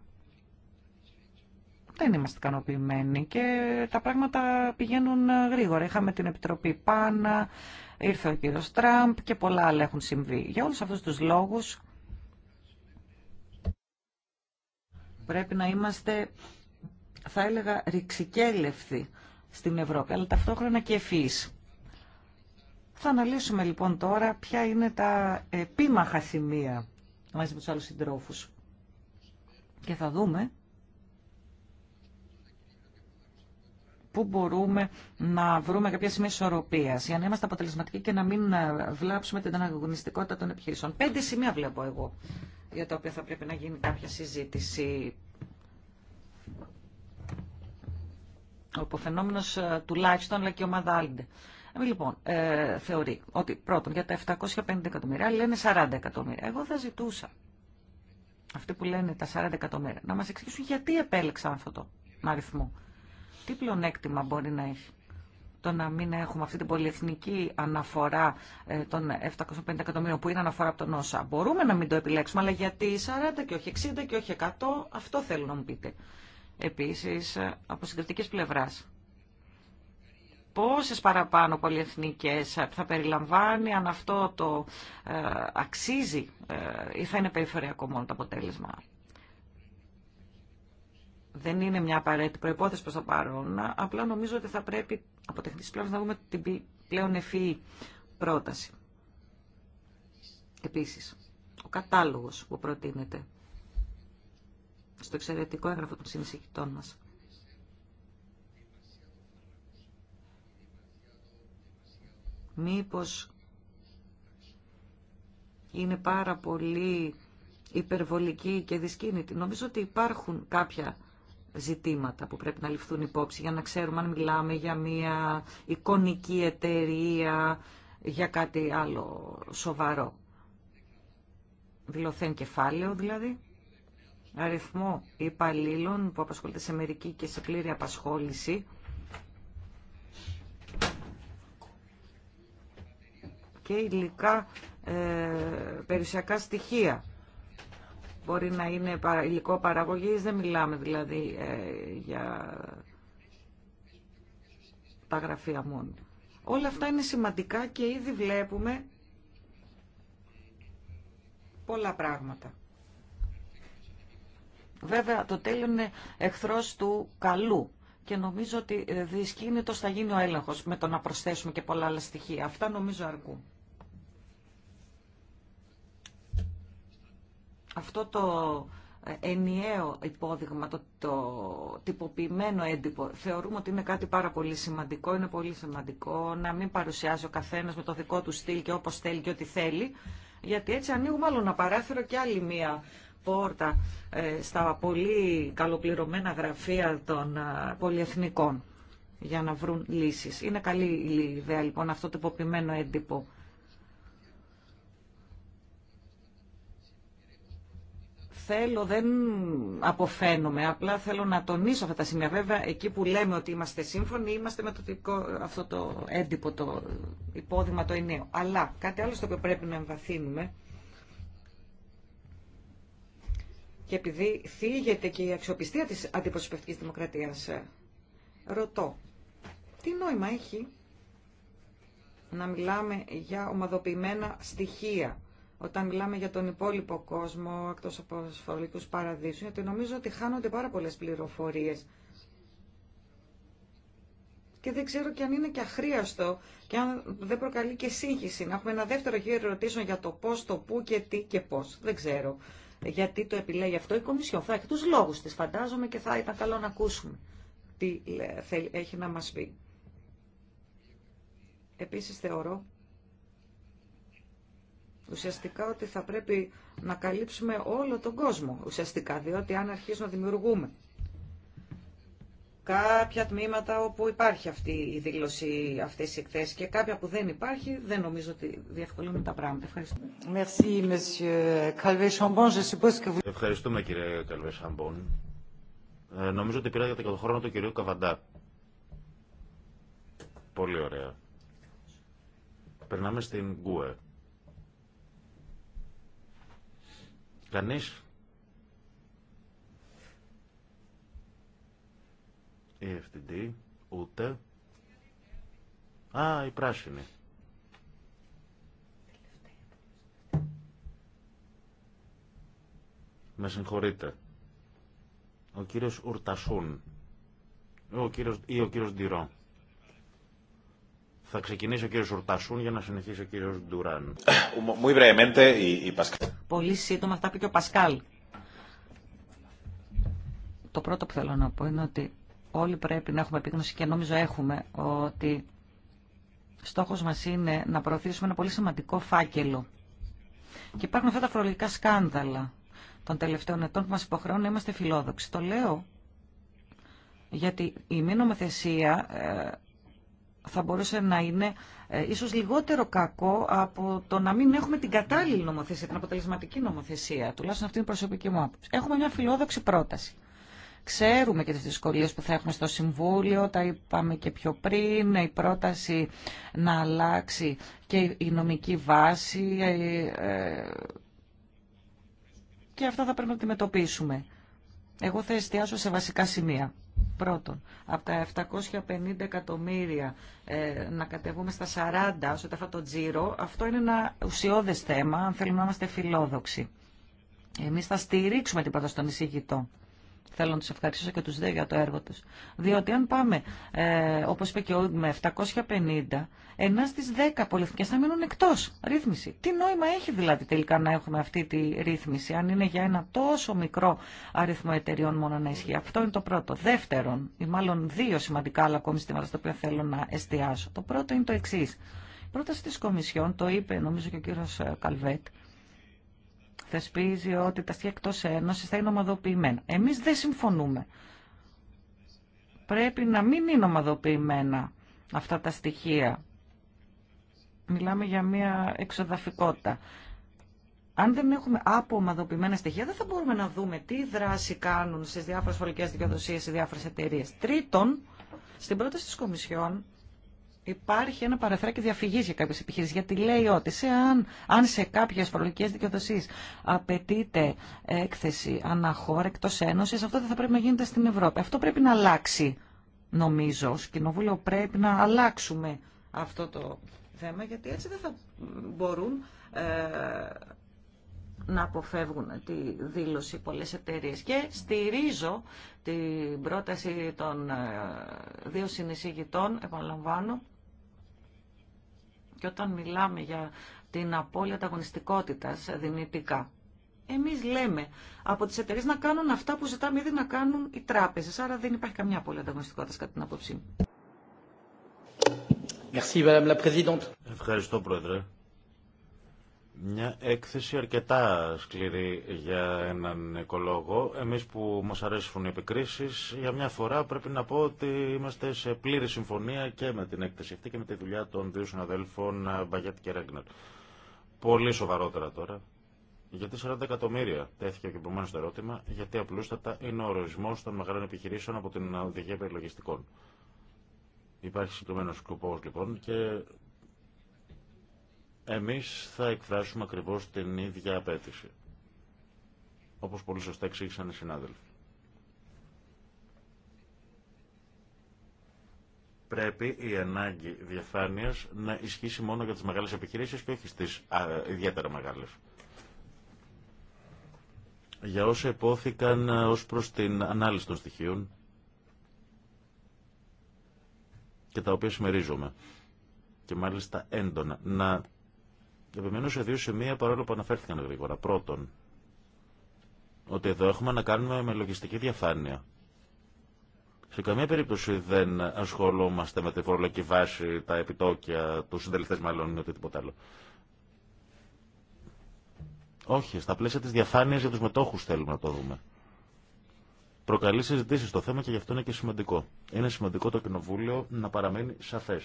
Δεν είμαστε ικανοποιημένοι και τα πράγματα πηγαίνουν ε, γρήγορα. Είχαμε την Επιτροπή Πάνα, ήρθε ο κύριος Τραμπ και πολλά άλλα έχουν συμβεί. Για όλους αυτούς τους λόγους πρέπει να είμαστε θα έλεγα ρηξικέλευθη στην Ευρώπη, αλλά ταυτόχρονα και ευφύης. Θα αναλύσουμε λοιπόν τώρα ποια είναι τα επίμαχα σημεία μαζί με τους άλλους συντρόφους. Και θα δούμε πού μπορούμε να βρούμε κάποια σημεία ισορροπία για να είμαστε αποτελεσματικοί και να μην βλάψουμε την αναγωνιστικότητα των επιχειρήσεων. Πέντε σημεία βλέπω εγώ για τα οποία θα πρέπει να γίνει κάποια συζήτηση. Ο υποφαινόμενος ε, τουλάχιστον, αλλά και η ομάδα Άλντε. Ε, λοιπόν, ε, θεωρεί ότι πρώτον για τα 750 εκατομμύρια λένε 40 εκατομμύρια. Εγώ θα ζητούσα αυτοί που λένε τα 40 εκατομμύρια να μα εξηγήσουν γιατί επέλεξαν αυτόν το αριθμό. Τι πλεονέκτημα μπορεί να έχει το να μην έχουμε αυτή την πολυεθνική αναφορά ε, των 750 εκατομμύρων που είναι αναφορά από τον ΩΣΑ. Μπορούμε να μην το επιλέξουμε, αλλά γιατί 40 και όχι 60 και όχι 100, αυτό θέλω να μου πείτε επίσης από συγκριτικής πλευράς. Πόσες παραπάνω πολυεθνικές θα περιλαμβάνει αν αυτό το ε, αξίζει ε, ή θα είναι περιφερειακό μόνο το αποτέλεσμα. Δεν είναι μια απαραίτητη προϋπόθεση προς το παρόν, απλά νομίζω ότι θα πρέπει από τεχνικής πλευράς να δούμε την πλέον ευφυή πρόταση. Επίσης, ο κατάλογος που προτείνεται στο εξαιρετικό έγγραφο των συνεισυχητών μας. Μήπως είναι πάρα πολύ υπερβολική και δυσκίνητη. Νομίζω ότι υπάρχουν κάποια ζητήματα που πρέπει να ληφθούν υπόψη για να ξέρουμε αν μιλάμε για μια εικονική εταιρεία, για κάτι άλλο σοβαρό. Δηλωθέν κεφάλαιο δηλαδή αριθμό υπαλλήλων που απασχολείται σε μερική και σε πλήρη απασχόληση και υλικά ε, περιουσιακά στοιχεία. Μπορεί να είναι υλικό παραγωγής, δεν μιλάμε δηλαδή ε, για τα γραφεία μόνο. Όλα αυτά είναι σημαντικά και ήδη βλέπουμε πολλά πράγματα. Βέβαια το τέλειο είναι εχθρό του καλού και νομίζω ότι ε, δυσκίνητος θα γίνει ο έλεγχος με το να προσθέσουμε και πολλά άλλα στοιχεία. Αυτά νομίζω αρκούν. Αυτό το ε, ενιαίο υπόδειγμα, το, το τυποποιημένο έντυπο, θεωρούμε ότι είναι κάτι πάρα πολύ σημαντικό. Είναι πολύ σημαντικό να μην παρουσιάζει ο καθένας με το δικό του στυλ και όπως θέλει και ό,τι θέλει, γιατί έτσι ανοίγουμε άλλο ένα παράθυρο και άλλη μία πόρτα ε, στα πολύ καλοπληρωμένα γραφεία των ε, πολυεθνικών για να βρουν λύσεις. Είναι καλή η ιδέα λοιπόν αυτό το υποποιημένο έντυπο. Θέλω, δεν αποφαίνομαι, απλά θέλω να τονίσω αυτά τα σημεία. Βέβαια, εκεί που λέμε ότι είμαστε σύμφωνοι, είμαστε με το αυτό το έντυπο, το υπόδειγμα το ενίο. Αλλά κάτι άλλο στο οποίο πρέπει να εμβαθύνουμε και επειδή θίγεται και η αξιοπιστία της αντιπροσωπευτικής δημοκρατίας, ρωτώ, τι νόημα έχει να μιλάμε για ομαδοποιημένα στοιχεία όταν μιλάμε για τον υπόλοιπο κόσμο, εκτός από σφαλικούς φορολογικούς παραδείσους, γιατί νομίζω ότι χάνονται πάρα πολλές πληροφορίες. Και δεν ξέρω και αν είναι και αχρίαστο και αν δεν προκαλεί και σύγχυση. Να έχουμε ένα δεύτερο γύρο ερωτήσεων για το πώς, το πού και τι και πώς. Δεν ξέρω γιατί το επιλέγει αυτό η Κομισιόν. Θα έχει τους λόγους της φαντάζομαι και θα ήταν καλό να ακούσουμε τι έχει να μας πει. Επίσης θεωρώ ουσιαστικά ότι θα πρέπει να καλύψουμε όλο τον κόσμο ουσιαστικά, διότι αν αρχίσουμε να δημιουργούμε κάποια τμήματα όπου υπάρχει αυτή η δήλωση, αυτές οι εκθέσει και κάποια που δεν υπάρχει, δεν νομίζω ότι διευκολύνουν τα πράγματα. Ευχαριστώ. Ευχαριστούμε κύριε Καλβέ Σαμπόν. Ε, νομίζω ότι πήρα για τον χρόνο του κυρίου Καβαντά. Πολύ ωραία. Περνάμε στην Γκουε. Κανείς EFTD, ούτε. Α, η πράσινη. Με συγχωρείτε. Ο κύριος Ουρτασούν ο κύριος, ή ο κύριος Ντυρό. Θα ξεκινήσει ο κύριος Ουρτασούν για να συνεχίσει ο κύριος Ντουράν. Πολύ σύντομα αυτά πει ο Πασκάλ. Το πρώτο που θέλω να πω είναι ότι όλοι πρέπει να έχουμε επίγνωση και νομίζω έχουμε ότι στόχος μας είναι να προωθήσουμε ένα πολύ σημαντικό φάκελο. Και υπάρχουν αυτά τα φορολογικά σκάνδαλα των τελευταίων ετών που μας υποχρεώνουν να είμαστε φιλόδοξοι. Το λέω γιατί η μη νομοθεσία ε, θα μπορούσε να είναι ε, ίσως λιγότερο κακό από το να μην έχουμε την κατάλληλη νομοθεσία, την αποτελεσματική νομοθεσία. Τουλάχιστον αυτή είναι η προσωπική μου άποψη. Έχουμε μια φιλόδοξη πρόταση. Ξέρουμε και τις δυσκολίες που θα έχουμε στο Συμβούλιο, τα είπαμε και πιο πριν, η πρόταση να αλλάξει και η νομική βάση ε, ε, και αυτά θα πρέπει να αντιμετωπίσουμε. Εγώ θα εστιάσω σε βασικά σημεία. Πρώτον, από τα 750 εκατομμύρια ε, να κατεβούμε στα 40 όσο αυτό το τζίρο, αυτό είναι ένα ουσιώδες θέμα αν θέλουμε να είμαστε φιλόδοξοι. Εμείς θα στηρίξουμε την πρόταση των εισηγητών. Θέλω να του ευχαριστήσω και του δύο για το έργο του. Διότι αν πάμε, ε, όπως είπε και ο με 750, ένα στι 10 πολιτικέ θα μείνουν εκτό. ρύθμιση. Τι νόημα έχει δηλαδή τελικά να έχουμε αυτή τη ρύθμιση, αν είναι για ένα τόσο μικρό αριθμό εταιριών μόνο να ισχύει. Αυτό είναι το πρώτο. Δεύτερον, ή μάλλον δύο σημαντικά άλλα ακόμη στήματα στα οποία θέλω να εστιάσω. Το πρώτο είναι το εξή. Η πρόταση ακομη στηματα στο οποια Κομισιόν, το είπε τη κομισιον το ειπε νομιζω και ο κύριο ε, Καλβέτ, θεσπίζει ότι τα στοιχεία εκτός ένωσης θα είναι ομαδοποιημένα. Εμείς δεν συμφωνούμε. Πρέπει να μην είναι ομαδοποιημένα αυτά τα στοιχεία. Μιλάμε για μια εξοδαφικότητα. Αν δεν έχουμε απομαδοποιημένα στοιχεία, δεν θα μπορούμε να δούμε τι δράση κάνουν στις διάφορες φορικές δικαιοδοσίες οι διάφορες εταιρείε. Τρίτον, στην πρόταση της Κομισιόν υπάρχει ένα παραθυράκι διαφυγής για κάποιες επιχειρήσεις, γιατί λέει ότι σε αν, αν σε κάποιες φορολογικέ δικαιοδοσίε απαιτείται έκθεση αναχώρα εκτός ένωσης, αυτό δεν θα πρέπει να γίνεται στην Ευρώπη. Αυτό πρέπει να αλλάξει, νομίζω. Ως κοινοβούλιο πρέπει να αλλάξουμε αυτό το θέμα, γιατί έτσι δεν θα μπορούν... Ε, να αποφεύγουν τη δήλωση πολλές εταιρείε. Και στηρίζω την πρόταση των ε, δύο συνεισηγητών, επαναλαμβάνω, και όταν μιλάμε για την απώλεια ανταγωνιστικότητα δυνητικά, εμεί λέμε από τι εταιρείε να κάνουν αυτά που ζητάμε ήδη να κάνουν οι τράπεζε. Άρα δεν υπάρχει καμιά απώλεια ανταγωνιστικότητα κατά την άποψή μου. Ευχαριστώ, Πρόεδρε. Μια έκθεση αρκετά σκληρή για έναν οικολόγο. Εμείς που μας αρέσουν οι επικρίσεις, για μια φορά πρέπει να πω ότι είμαστε σε πλήρη συμφωνία και με την έκθεση αυτή και με τη δουλειά των δύο συναδέλφων Μπαγιέτ και Ρέγνερ. Πολύ σοβαρότερα τώρα. Γιατί 40 εκατομμύρια τέθηκε και προηγουμένω το ερώτημα, γιατί απλούστατα είναι ο ορισμό των μεγάλων επιχειρήσεων από την οδηγία περιλογιστικών. Υπάρχει συγκεκριμένο σκοπό λοιπόν και εμείς θα εκφράσουμε ακριβώς την ίδια απέτηση. Όπως πολύ σωστά εξήγησαν οι συνάδελφοι. Πρέπει η ανάγκη διαφάνειας να ισχύσει μόνο για τις μεγάλες επιχειρήσεις και όχι στις ιδιαίτερα μεγάλες. Για όσα υπόθηκαν ε, ως προς την ανάλυση των στοιχείων και τα οποία συμμερίζομαι και μάλιστα έντονα να Επιμένω σε δύο σημεία παρόλο που αναφέρθηκαν γρήγορα. Πρώτον, ότι εδώ έχουμε να κάνουμε με λογιστική διαφάνεια. Σε καμία περίπτωση δεν ασχολούμαστε με τη φορολογική βάση, τα επιτόκια, του συντελεστέ μάλλον ή οτιδήποτε άλλο. Όχι, στα πλαίσια τη διαφάνεια για του μετόχου θέλουμε να το δούμε. Προκαλεί συζητήσει το θέμα και γι' αυτό είναι και σημαντικό. Είναι σημαντικό το Κοινοβούλιο να παραμένει σαφέ.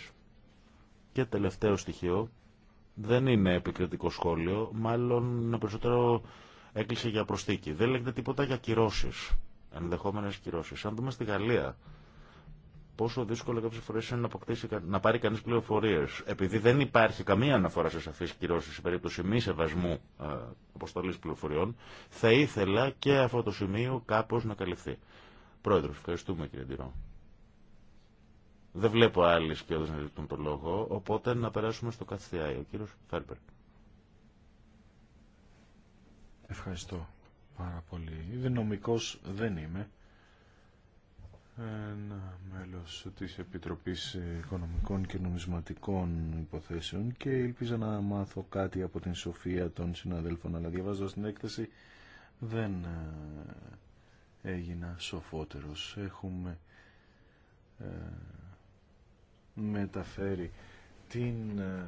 Και τελευταίο στοιχείο δεν είναι επικριτικό σχόλιο, μάλλον είναι περισσότερο έκλεισε για προστίκη. Δεν λέγεται τίποτα για κυρώσει, ενδεχόμενε κυρώσει. Αν δούμε στη Γαλλία, πόσο δύσκολο κάποιε φορέ είναι να, αποκτήσει, να πάρει κανεί πληροφορίε. Επειδή δεν υπάρχει καμία αναφορά σε σαφεί κυρώσει σε περίπτωση μη σεβασμού ε, αποστολή πληροφοριών, θα ήθελα και αυτό το σημείο κάπω να καλυφθεί. Πρόεδρο, ευχαριστούμε κύριε Ντυρό. Δεν βλέπω άλλη σκιώδες να ζητούν το λόγο, οπότε να περάσουμε στο ΚΑΤΣΤΙΑΙ. Ο κύριος Φέρπερ. Ευχαριστώ πάρα πολύ. Δεν νομικός δεν είμαι. Ένα μέλος της Επιτροπής Οικονομικών και Νομισματικών Υποθέσεων και ελπίζω να μάθω κάτι από την σοφία των συναδέλφων, αλλά διαβάζοντας την έκθεση δεν ε, έγινα σοφότερος. Έχουμε ε, μεταφέρει την ε,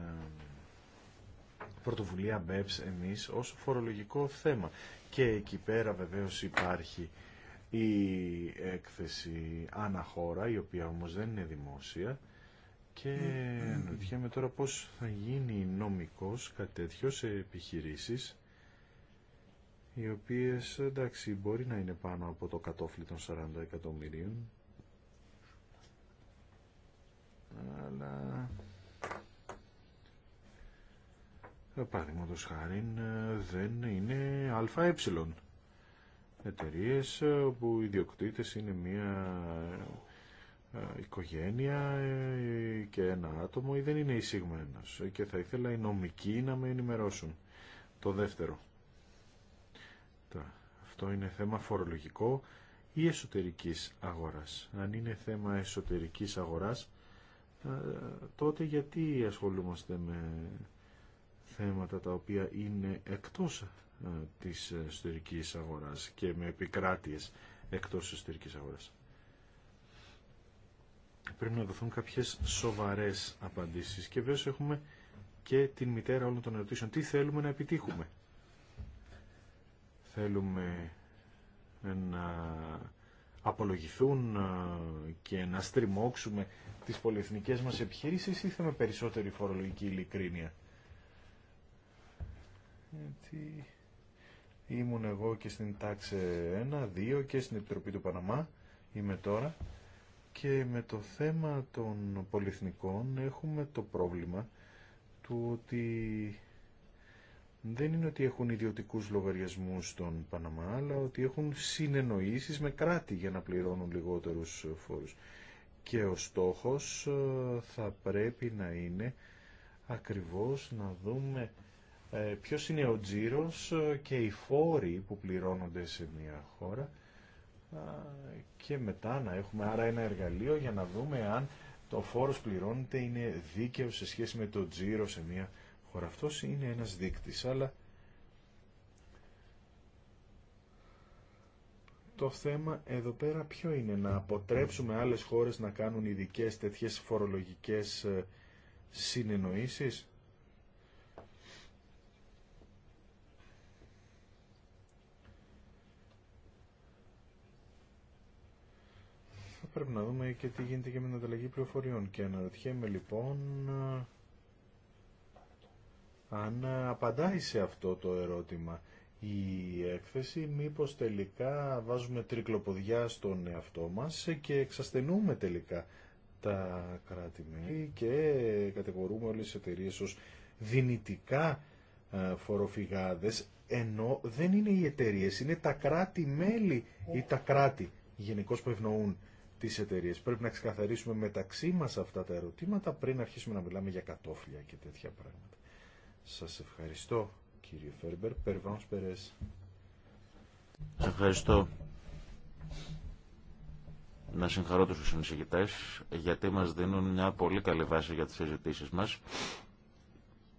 πρωτοβουλία BEPS εμείς ως φορολογικό θέμα. Και εκεί πέρα βεβαίως υπάρχει η έκθεση αναχώρα, η οποία όμως δεν είναι δημόσια και αναρωτιέμαι τώρα πώς θα γίνει νομικός κάτι τέτοιο σε επιχειρήσεις οι οποίες εντάξει μπορεί να είναι πάνω από το κατόφλι των 40 εκατομμυρίων Ε, παραδείγματο χάρη ε, δεν είναι ΑΕ. Εταιρείε ε, όπου οι ιδιοκτήτε είναι μια οικογένεια και ένα άτομο ή δεν είναι εισηγμένο. και θα ήθελα οι νομικοί να με ενημερώσουν. Το δεύτερο. Αυτό είναι θέμα φορολογικό ή εσωτερικής αγοράς. Αν είναι θέμα εσωτερικής αγοράς τότε γιατί ασχολούμαστε με θέματα τα οποία είναι εκτός ε, της ε, εσωτερικής αγοράς και με επικράτειες εκτός της εσωτερικής αγοράς. Πρέπει να δοθούν κάποιες σοβαρές απαντήσεις και βέβαια έχουμε και την μητέρα όλων των ερωτήσεων. Τι θέλουμε να επιτύχουμε. Θέλουμε να απολογηθούν ε, και να στριμώξουμε τις πολυεθνικές μας επιχειρήσεις ή θέλουμε περισσότερη φορολογική ειλικρίνεια γιατί ήμουν εγώ και στην τάξη 1, 2 και στην Επιτροπή του Παναμά, είμαι τώρα, και με το θέμα των πολυεθνικών έχουμε το πρόβλημα του ότι δεν είναι ότι έχουν ιδιωτικούς λογαριασμούς στον Παναμά, αλλά ότι έχουν συνεννοήσεις με κράτη για να πληρώνουν λιγότερους φόρους. Και ο στόχος ε, θα πρέπει να είναι ακριβώς να δούμε ε, ποιος είναι ο τζίρος ε, και οι φόροι που πληρώνονται σε μια χώρα και μετά να έχουμε άρα ένα εργαλείο για να δούμε αν το φόρος πληρώνεται είναι δίκαιο σε σχέση με το τζίρο σε μια χώρα. Αυτός είναι ένας δείκτης, αλλά το θέμα εδώ πέρα ποιο είναι, να αποτρέψουμε άλλες χώρες να κάνουν ειδικέ τέτοιες φορολογικές ε, συνεννοήσεις πρέπει να δούμε και τι γίνεται και με την ανταλλαγή πληροφοριών. Και αναρωτιέμαι λοιπόν αν απαντάει σε αυτό το ερώτημα η έκθεση, μήπως τελικά βάζουμε τρικλοποδιά στον εαυτό μας και εξασθενούμε τελικά τα κράτη-μέλη και κατηγορούμε όλες τις εταιρείε ως δυνητικά ε, φοροφυγάδες, ενώ δεν είναι οι εταιρείε είναι τα κράτη-μέλη ή τα κράτη γενικώ που ευνοούν τις εταιρείε. Πρέπει να ξεκαθαρίσουμε μεταξύ μας αυτά τα ερωτήματα πριν αρχίσουμε να μιλάμε για κατόφλια και τέτοια πράγματα. Σας ευχαριστώ κύριε Φέρμπερ. Περβάνος Περές. Σας ευχαριστώ. Να συγχαρώ τους συνεισηγητές γιατί μας δίνουν μια πολύ καλή βάση για τις συζητήσει μας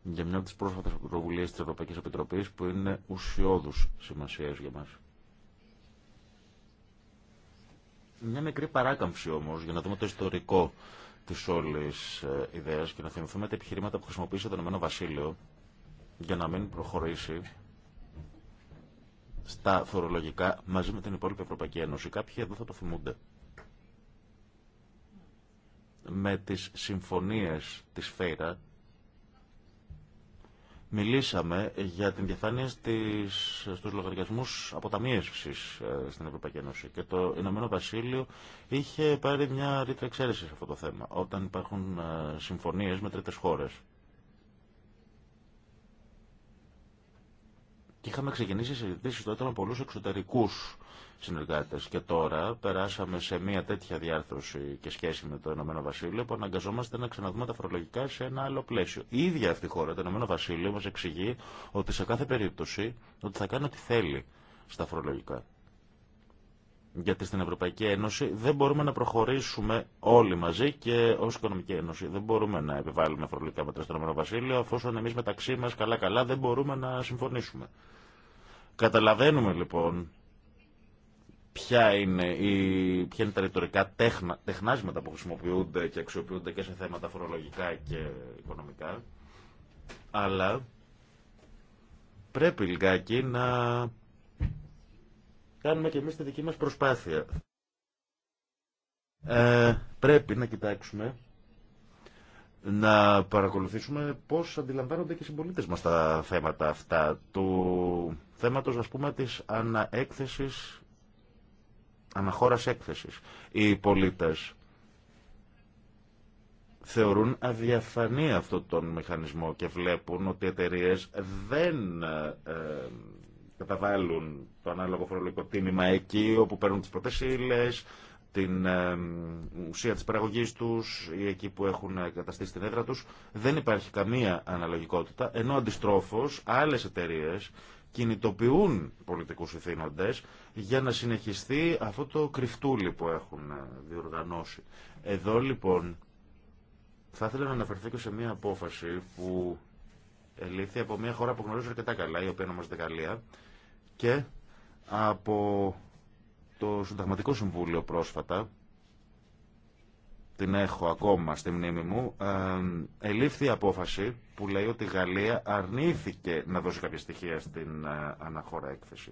για μια από τις πρόσφατες πρωτοβουλίε της Ευρωπαϊκής Επιτροπής που είναι ουσιώδους σημασίας για μας. Μια μικρή παράκαμψη όμως για να δούμε το ιστορικό της όλης ε, ιδέας και να θυμηθούμε τα επιχειρήματα που χρησιμοποίησε το Ηνωμένο Βασίλειο για να μην προχωρήσει στα φορολογικά μαζί με την υπόλοιπη Ευρωπαϊκή Ένωση. Κάποιοι εδώ θα το θυμούνται. Με τις συμφωνίες της ΦΕΙΡΑ Μιλήσαμε για την διαφάνεια στις, στους λογαριασμούς αποταμίευσης ε, στην Ευρωπαϊκή Ένωση και το Ηνωμένο Βασίλειο είχε πάρει μια ρήτρα εξαίρεση σε αυτό το θέμα όταν υπάρχουν ε, συμφωνίες με τρίτες χώρες. Και είχαμε ξεκινήσει συζητήσεις τότε με πολλούς εξωτερικούς συνεργάτε. Και τώρα περάσαμε σε μια τέτοια διάρθρωση και σχέση με το Ηνωμένο Βασίλειο που αναγκαζόμαστε να ξαναδούμε τα φορολογικά σε ένα άλλο πλαίσιο. Η ίδια αυτή η χώρα, το ΕΒ, Βασίλειο, μας εξηγεί ότι σε κάθε περίπτωση ότι θα κάνει ό,τι θέλει στα φορολογικά. Γιατί στην Ευρωπαϊκή Ένωση δεν μπορούμε να προχωρήσουμε όλοι μαζί και ω Οικονομική Ένωση. Δεν μπορούμε να επιβάλλουμε φορολογικά μέτρα στο ΕΒ, Βασίλειο, αφόσον εμεί μεταξύ μα καλά-καλά δεν μπορούμε να συμφωνήσουμε. Καταλαβαίνουμε λοιπόν ποια είναι, η, ποια είναι τα ρητορικά τέχνα, τεχνάσματα που χρησιμοποιούνται και αξιοποιούνται και σε θέματα φορολογικά και οικονομικά. Αλλά πρέπει λιγάκι να κάνουμε και εμείς τη δική μας προσπάθεια. Ε, πρέπει να κοιτάξουμε να παρακολουθήσουμε πώς αντιλαμβάνονται και οι συμπολίτες μας τα θέματα αυτά του θέματος ας πούμε της αναέκθεσης αναχώρας έκθεσης. Οι πολίτες θεωρούν αδιαφανή αυτό τον μηχανισμό και βλέπουν ότι οι εταιρείε δεν ε, ε, καταβάλουν το ανάλογο φορολογικό τίμημα εκεί όπου παίρνουν τις πρώτες την ε, ουσία της παραγωγής τους ή εκεί που έχουν καταστήσει την έδρα τους δεν υπάρχει καμία αναλογικότητα ενώ αντιστρόφως άλλες εταιρείε κινητοποιούν πολιτικούς ηθήνοντες για να συνεχιστεί αυτό το κρυφτούλι που έχουν ε, διοργανώσει. Εδώ λοιπόν θα ήθελα να αναφερθώ και σε μια απόφαση που ελήφθη από μια χώρα που γνωρίζω αρκετά καλά, η οποία ονομάζεται Γαλλία, και από το Συνταγματικό Συμβούλιο πρόσφατα, την έχω ακόμα στη μνήμη μου, ελήφθη η απόφαση που λέει ότι η Γαλλία αρνήθηκε να δώσει κάποια στοιχεία στην ε, αναχώρα έκθεση.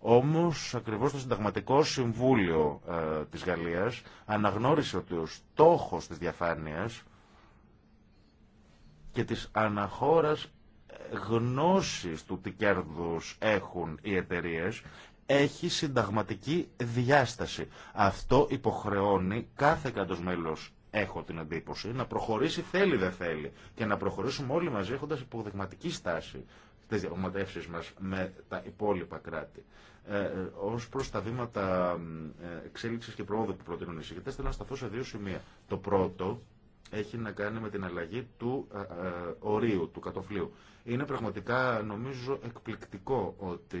Όμως, ακριβώς το Συνταγματικό Συμβούλιο ε, της Γαλλίας αναγνώρισε ότι ο στόχος της διαφάνειας και της αναχώρας γνώσης του τι κέρδους έχουν οι εταιρείε έχει συνταγματική διάσταση. Αυτό υποχρεώνει κάθε κατός μέλος έχω την εντύπωση, να προχωρήσει θέλει δεν θέλει και να προχωρήσουμε όλοι μαζί έχοντας υποδειγματική στάση στις διαπραγματεύσεις μας με τα υπόλοιπα κράτη. Ε, ε Ω προ τα βήματα ε, εξέλιξη και πρόοδου που προτείνουν οι συγκεκριτέ, θέλω να σταθώ σε δύο σημεία. Το πρώτο έχει να κάνει με την αλλαγή του ε, ε, ορίου, του κατοφλίου. Είναι πραγματικά, νομίζω, εκπληκτικό ότι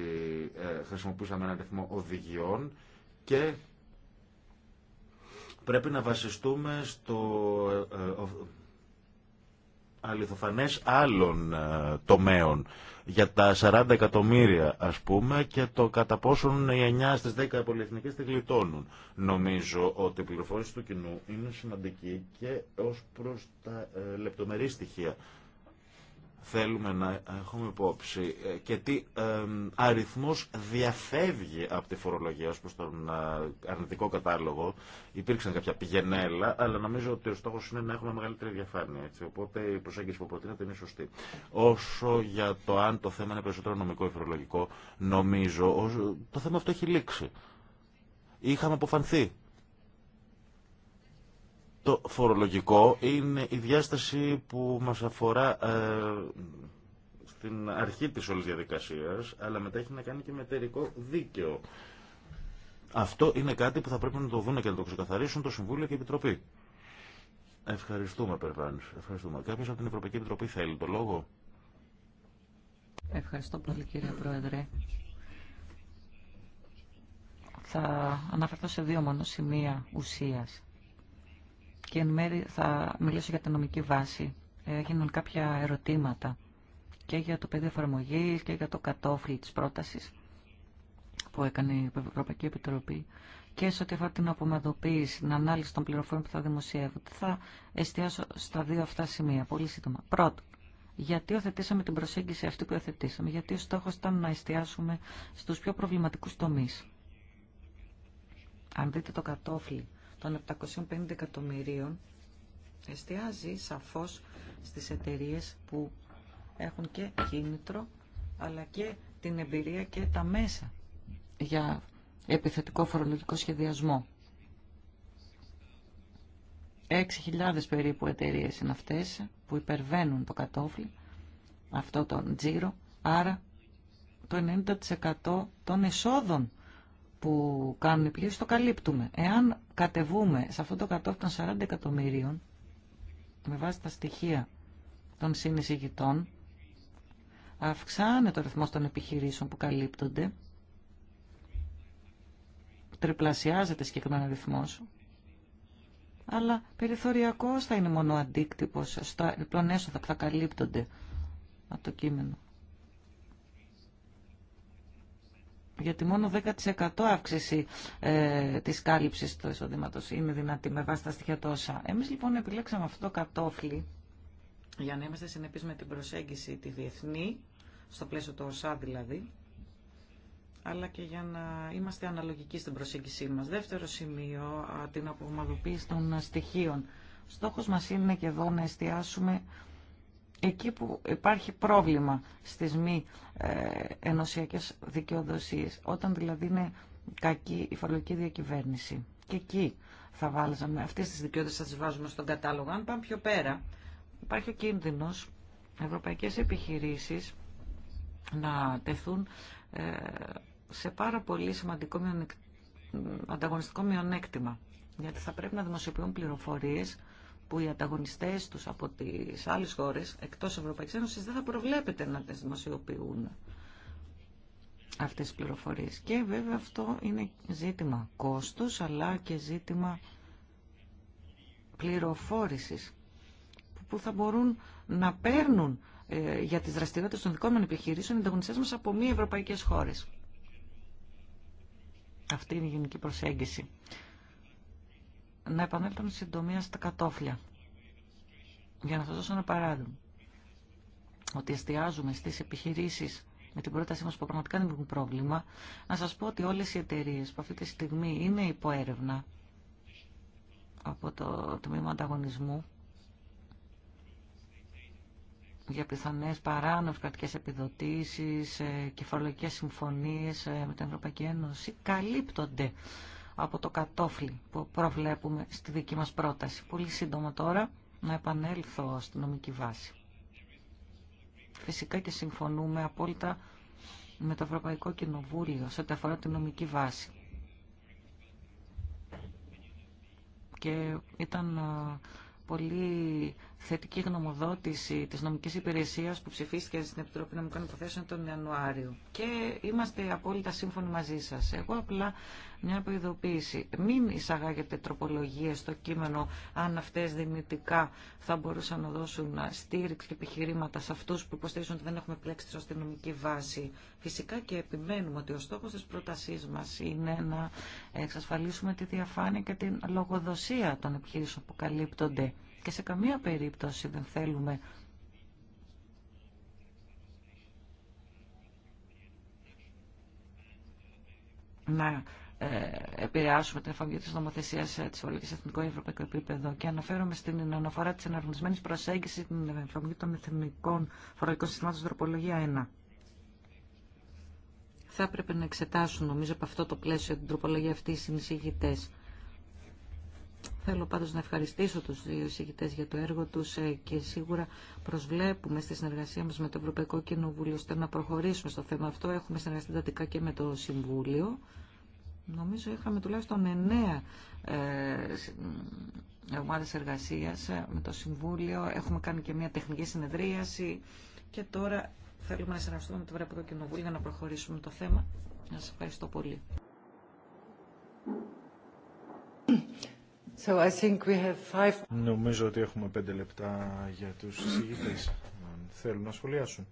ε, χρησιμοποίησαμε έναν αριθμό οδηγιών και πρέπει να βασιστούμε στο αληθοφανές άλλων ε, τομέων για τα 40 εκατομμύρια ας πούμε και το κατά πόσον οι 9 στις 10 πολυεθνικές τη γλιτώνουν. Νομίζω ότι η πληροφόρηση του κοινού είναι σημαντική και ως προς τα ε, λεπτομερή στοιχεία θέλουμε να έχουμε υπόψη ε, και τι αριθμός διαφεύγει από τη φορολογία ως προς τον ε, αρνητικό κατάλογο. Υπήρξαν κάποια πηγενέλα, αλλά νομίζω ότι ο στόχος είναι να έχουμε μεγαλύτερη διαφάνεια. Έτσι. Οπότε η προσέγγιση που προτείνεται είναι σωστή. Όσο για το αν το θέμα είναι περισσότερο νομικό ή φορολογικό, νομίζω το θέμα αυτό έχει λήξει. Είχαμε αποφανθεί το φορολογικό είναι η διάσταση που μας αφορά ε, στην αρχή της όλης διαδικασίας, αλλά μετά έχει να κάνει και μετερικό δίκαιο. Αυτό είναι κάτι που θα πρέπει να το δουν και να το ξεκαθαρίσουν το Συμβούλιο και η Επιτροπή. Ευχαριστούμε, Περβάνης. Ευχαριστούμε. Κάποιος από την Ευρωπαϊκή Επιτροπή θέλει το λόγο. Ευχαριστώ πολύ, κύριε Πρόεδρε. Θα αναφερθώ σε δύο μόνο σημεία ουσίας και εν μέρει θα μιλήσω για την νομική βάση. Έγιναν ε, κάποια ερωτήματα και για το πεδίο εφαρμογή και για το κατόφλι της πρότασης που έκανε η Ευρωπαϊκή Επιτροπή και σε ό,τι αφορά την απομαδοποίηση, την ανάλυση των πληροφοριών που θα δημοσιεύονται. Θα εστιάσω στα δύο αυτά σημεία, πολύ σύντομα. Πρώτον, γιατί οθετήσαμε την προσέγγιση αυτή που οθετήσαμε, γιατί ο στόχο ήταν να εστιάσουμε στους πιο προβληματικούς τομείς. Αν δείτε το κατόφλι των 750 εκατομμυρίων εστιάζει σαφώς στις εταιρείες που έχουν και κίνητρο αλλά και την εμπειρία και τα μέσα για επιθετικό φορολογικό σχεδιασμό. 6.000 περίπου εταιρείε είναι αυτές που υπερβαίνουν το κατόφλι, αυτό τον τζίρο, άρα το 90% των εσόδων που κάνουν οι πλήρες το καλύπτουμε. Εάν κατεβούμε σε αυτό το κατόφλι των 40 εκατομμυρίων με βάση τα στοιχεία των συνεισηγητών αυξάνεται ο ρυθμό των επιχειρήσεων που καλύπτονται τριπλασιάζεται συγκεκριμένο ρυθμός αλλά περιθωριακός θα είναι μόνο ο αντίκτυπος στα έσοδα που θα καλύπτονται από το κείμενο. γιατί μόνο 10% αύξηση ε, της κάλυψης του εισοδήματος είναι δυνατή με βάση τα στοιχεία τόσα. Εμείς λοιπόν επιλέξαμε αυτό το κατόφλι για να είμαστε συνεπείς με την προσέγγιση τη διεθνή, στο πλαίσιο του ΩΣΑ δηλαδή, αλλά και για να είμαστε αναλογικοί στην προσέγγιση μας. Δεύτερο σημείο, την απομαδοποίηση των στοιχείων. Στόχος μας είναι και εδώ να εστιάσουμε εκεί που υπάρχει πρόβλημα στις μη ε, ενωσιακές δικαιοδοσίες, όταν δηλαδή είναι κακή η φορολογική διακυβέρνηση. Και εκεί θα βάλαμε αυτές τις δικαιοδοσίες, θα τις βάζουμε στον κατάλογο. Αν πάμε πιο πέρα, υπάρχει ο κίνδυνος ευρωπαϊκές επιχειρήσεις να τεθούν ε, σε πάρα πολύ σημαντικό ανταγωνιστικό μειονέκτημα. Γιατί θα πρέπει να δημοσιοποιούν πληροφορίες που οι ανταγωνιστέ τους από τις άλλες χώρες εκτός Ευρωπαϊκή Ένωση δεν θα προβλέπεται να τι δημοσιοποιούν αυτές τι πληροφορίες. Και βέβαια αυτό είναι ζήτημα κόστους αλλά και ζήτημα πληροφόρηση που θα μπορούν να παίρνουν ε, για τις δραστηριότητες των δικών μας επιχειρήσεων οι ανταγωνιστέ μας από μη ευρωπαϊκέ χώρε. Αυτή είναι η γενική προσέγγιση να επανέλθουν συντομία στα κατόφλια. Για να σας δώσω ένα παράδειγμα. Ότι εστιάζουμε στις επιχειρήσεις με την πρότασή μα που πραγματικά δεν έχουν πρόβλημα, να σας πω ότι όλες οι εταιρείε που αυτή τη στιγμή είναι υπό έρευνα από το τμήμα ανταγωνισμού για πιθανές κρατικέ επιδοτήσει, ε, και φορολογικέ συμφωνίε ε, με την Ευρωπαϊκή Ένωση καλύπτονται από το κατόφλι που προβλέπουμε στη δική μας πρόταση. Πολύ σύντομα τώρα να επανέλθω στη νομική βάση. Φυσικά και συμφωνούμε απόλυτα με το Ευρωπαϊκό Κοινοβούλιο σε ό,τι αφορά την νομική βάση. Και ήταν ε, πολύ θετική γνωμοδότηση τη νομική υπηρεσία που ψηφίστηκε στην Επιτροπή Νομικών Υποθέσεων τον Ιανουάριο. Και είμαστε απόλυτα σύμφωνοι μαζί σα. Εγώ απλά μια προειδοποίηση. Μην εισαγάγετε τροπολογίε στο κείμενο αν αυτέ δυνητικά θα μπορούσαν να δώσουν στήριξη και επιχειρήματα σε αυτού που υποστηρίζουν ότι δεν έχουμε πλέξει τη σωστή νομική βάση. Φυσικά και επιμένουμε ότι ο στόχο τη πρότασή μα είναι να εξασφαλίσουμε τη διαφάνεια και την λογοδοσία των επιχειρήσεων που καλύπτονται και σε καμία περίπτωση δεν θέλουμε να ε, επηρεάσουμε την εφαρμογή τη νομοθεσία ε, τη Βολή σε εθνικό επίπεδο. Και αναφέρομαι στην αναφορά της εναρμονισμένης προσέγγιση την εφαρμογή των εθνικών φορολογικών συστημάτων δροπολογία τροπολογία 1. Θα έπρεπε να εξετάσουν, νομίζω, από αυτό το πλαίσιο την τροπολογία αυτή οι συνεισήγητες Θέλω πάντως να ευχαριστήσω τους δύο εισηγητές για το έργο τους ε, και σίγουρα προσβλέπουμε στη συνεργασία μας με το Ευρωπαϊκό Κοινοβούλιο ώστε να προχωρήσουμε στο θέμα αυτό. Έχουμε συνεργαστεί εντατικά και με το Συμβούλιο. Νομίζω είχαμε τουλάχιστον εννέα ε, ομάδες εργασίας ε, με το Συμβούλιο. Έχουμε κάνει και μια τεχνική συνεδρίαση και τώρα θέλουμε να συνεργαστούμε με το Ευρωπαϊκό Κοινοβούλιο για να προχωρήσουμε το θέμα. Σας ευχαριστώ πολύ. Νομίζω ότι έχουμε πέντε λεπτά για τους συζητητές, αν θέλουν να σχολιάσουν.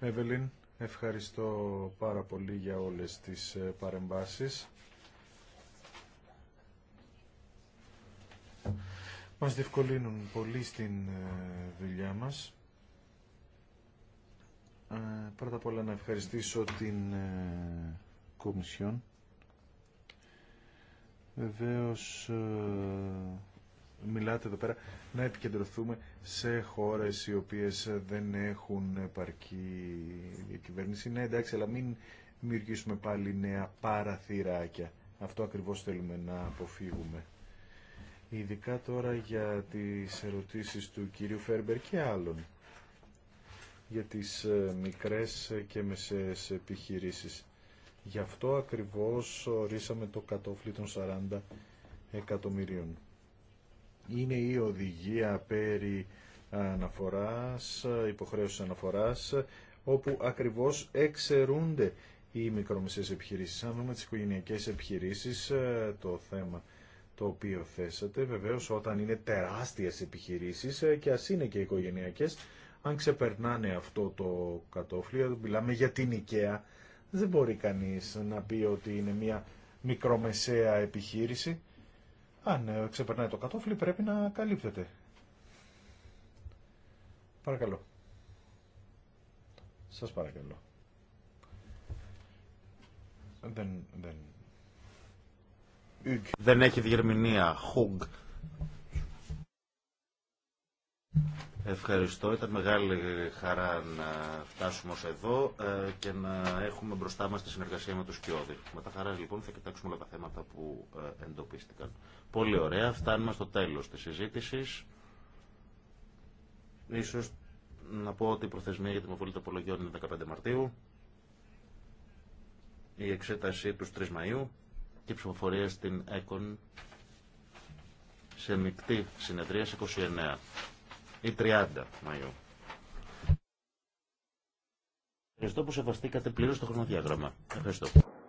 Έβελιν, ευχαριστώ πάρα πολύ για όλες τις ε, παρεμβάσεις. Μας διευκολύνουν πολύ στην ε, δουλειά μας. Ε, πρώτα απ' όλα να ευχαριστήσω την Κομισιόν. Βεβαίως ε, μιλάτε εδώ πέρα να επικεντρωθούμε σε χώρες οι οποίες δεν έχουν επαρκή διακυβέρνηση. Ναι εντάξει αλλά μην δημιουργήσουμε πάλι νέα παραθυράκια. Αυτό ακριβώς θέλουμε να αποφύγουμε. Ειδικά τώρα για τις ερωτήσεις του κυρίου Φέρμπερ και άλλων για τις ε, μικρές και μεσαίες επιχειρήσεις. Γι' αυτό ακριβώς ορίσαμε το κατόφλι των 40 εκατομμυρίων. Είναι η οδηγία περί αναφοράς, υποχρέωσης αναφοράς, όπου ακριβώς εξαιρούνται οι μικρομεσαίες επιχειρήσεις. Αν δούμε τις οικογενειακές επιχειρήσεις, το θέμα το οποίο θέσατε, βεβαίως όταν είναι τεράστιες επιχειρήσεις και ας είναι και οικογενειακές, αν ξεπερνάνε αυτό το κατόφλι, μιλάμε για την IKEA, δεν μπορεί κανείς να πει ότι είναι μια μικρομεσαία επιχείρηση. Αν ε, ξεπερνάει το κατόφλι πρέπει να καλύπτεται. Παρακαλώ. Σας παρακαλώ. Δεν, δεν. Δεν έχει διερμηνία. Χουγ. Ευχαριστώ. Ήταν μεγάλη χαρά να φτάσουμε ως εδώ ε, και να έχουμε μπροστά μας τη συνεργασία με τους Κιώδη. Με τα χαρά λοιπόν θα κοιτάξουμε όλα τα θέματα που ε, εντοπίστηκαν. Πολύ ωραία. Φτάνουμε στο τέλος της συζήτησης. Ίσως να πω ότι η προθεσμία για την των απολογιών είναι 15 Μαρτίου. Η εξέτασή τους 3 Μαΐου και η ψηφοφορία στην ΕΚΟΝ σε μεικτή συνεδρία 29 ή 30 Μαΐου. Ευχαριστώ που σεβαστήκατε πλήρως το χρονοδιάγραμμα. Ευχαριστώ.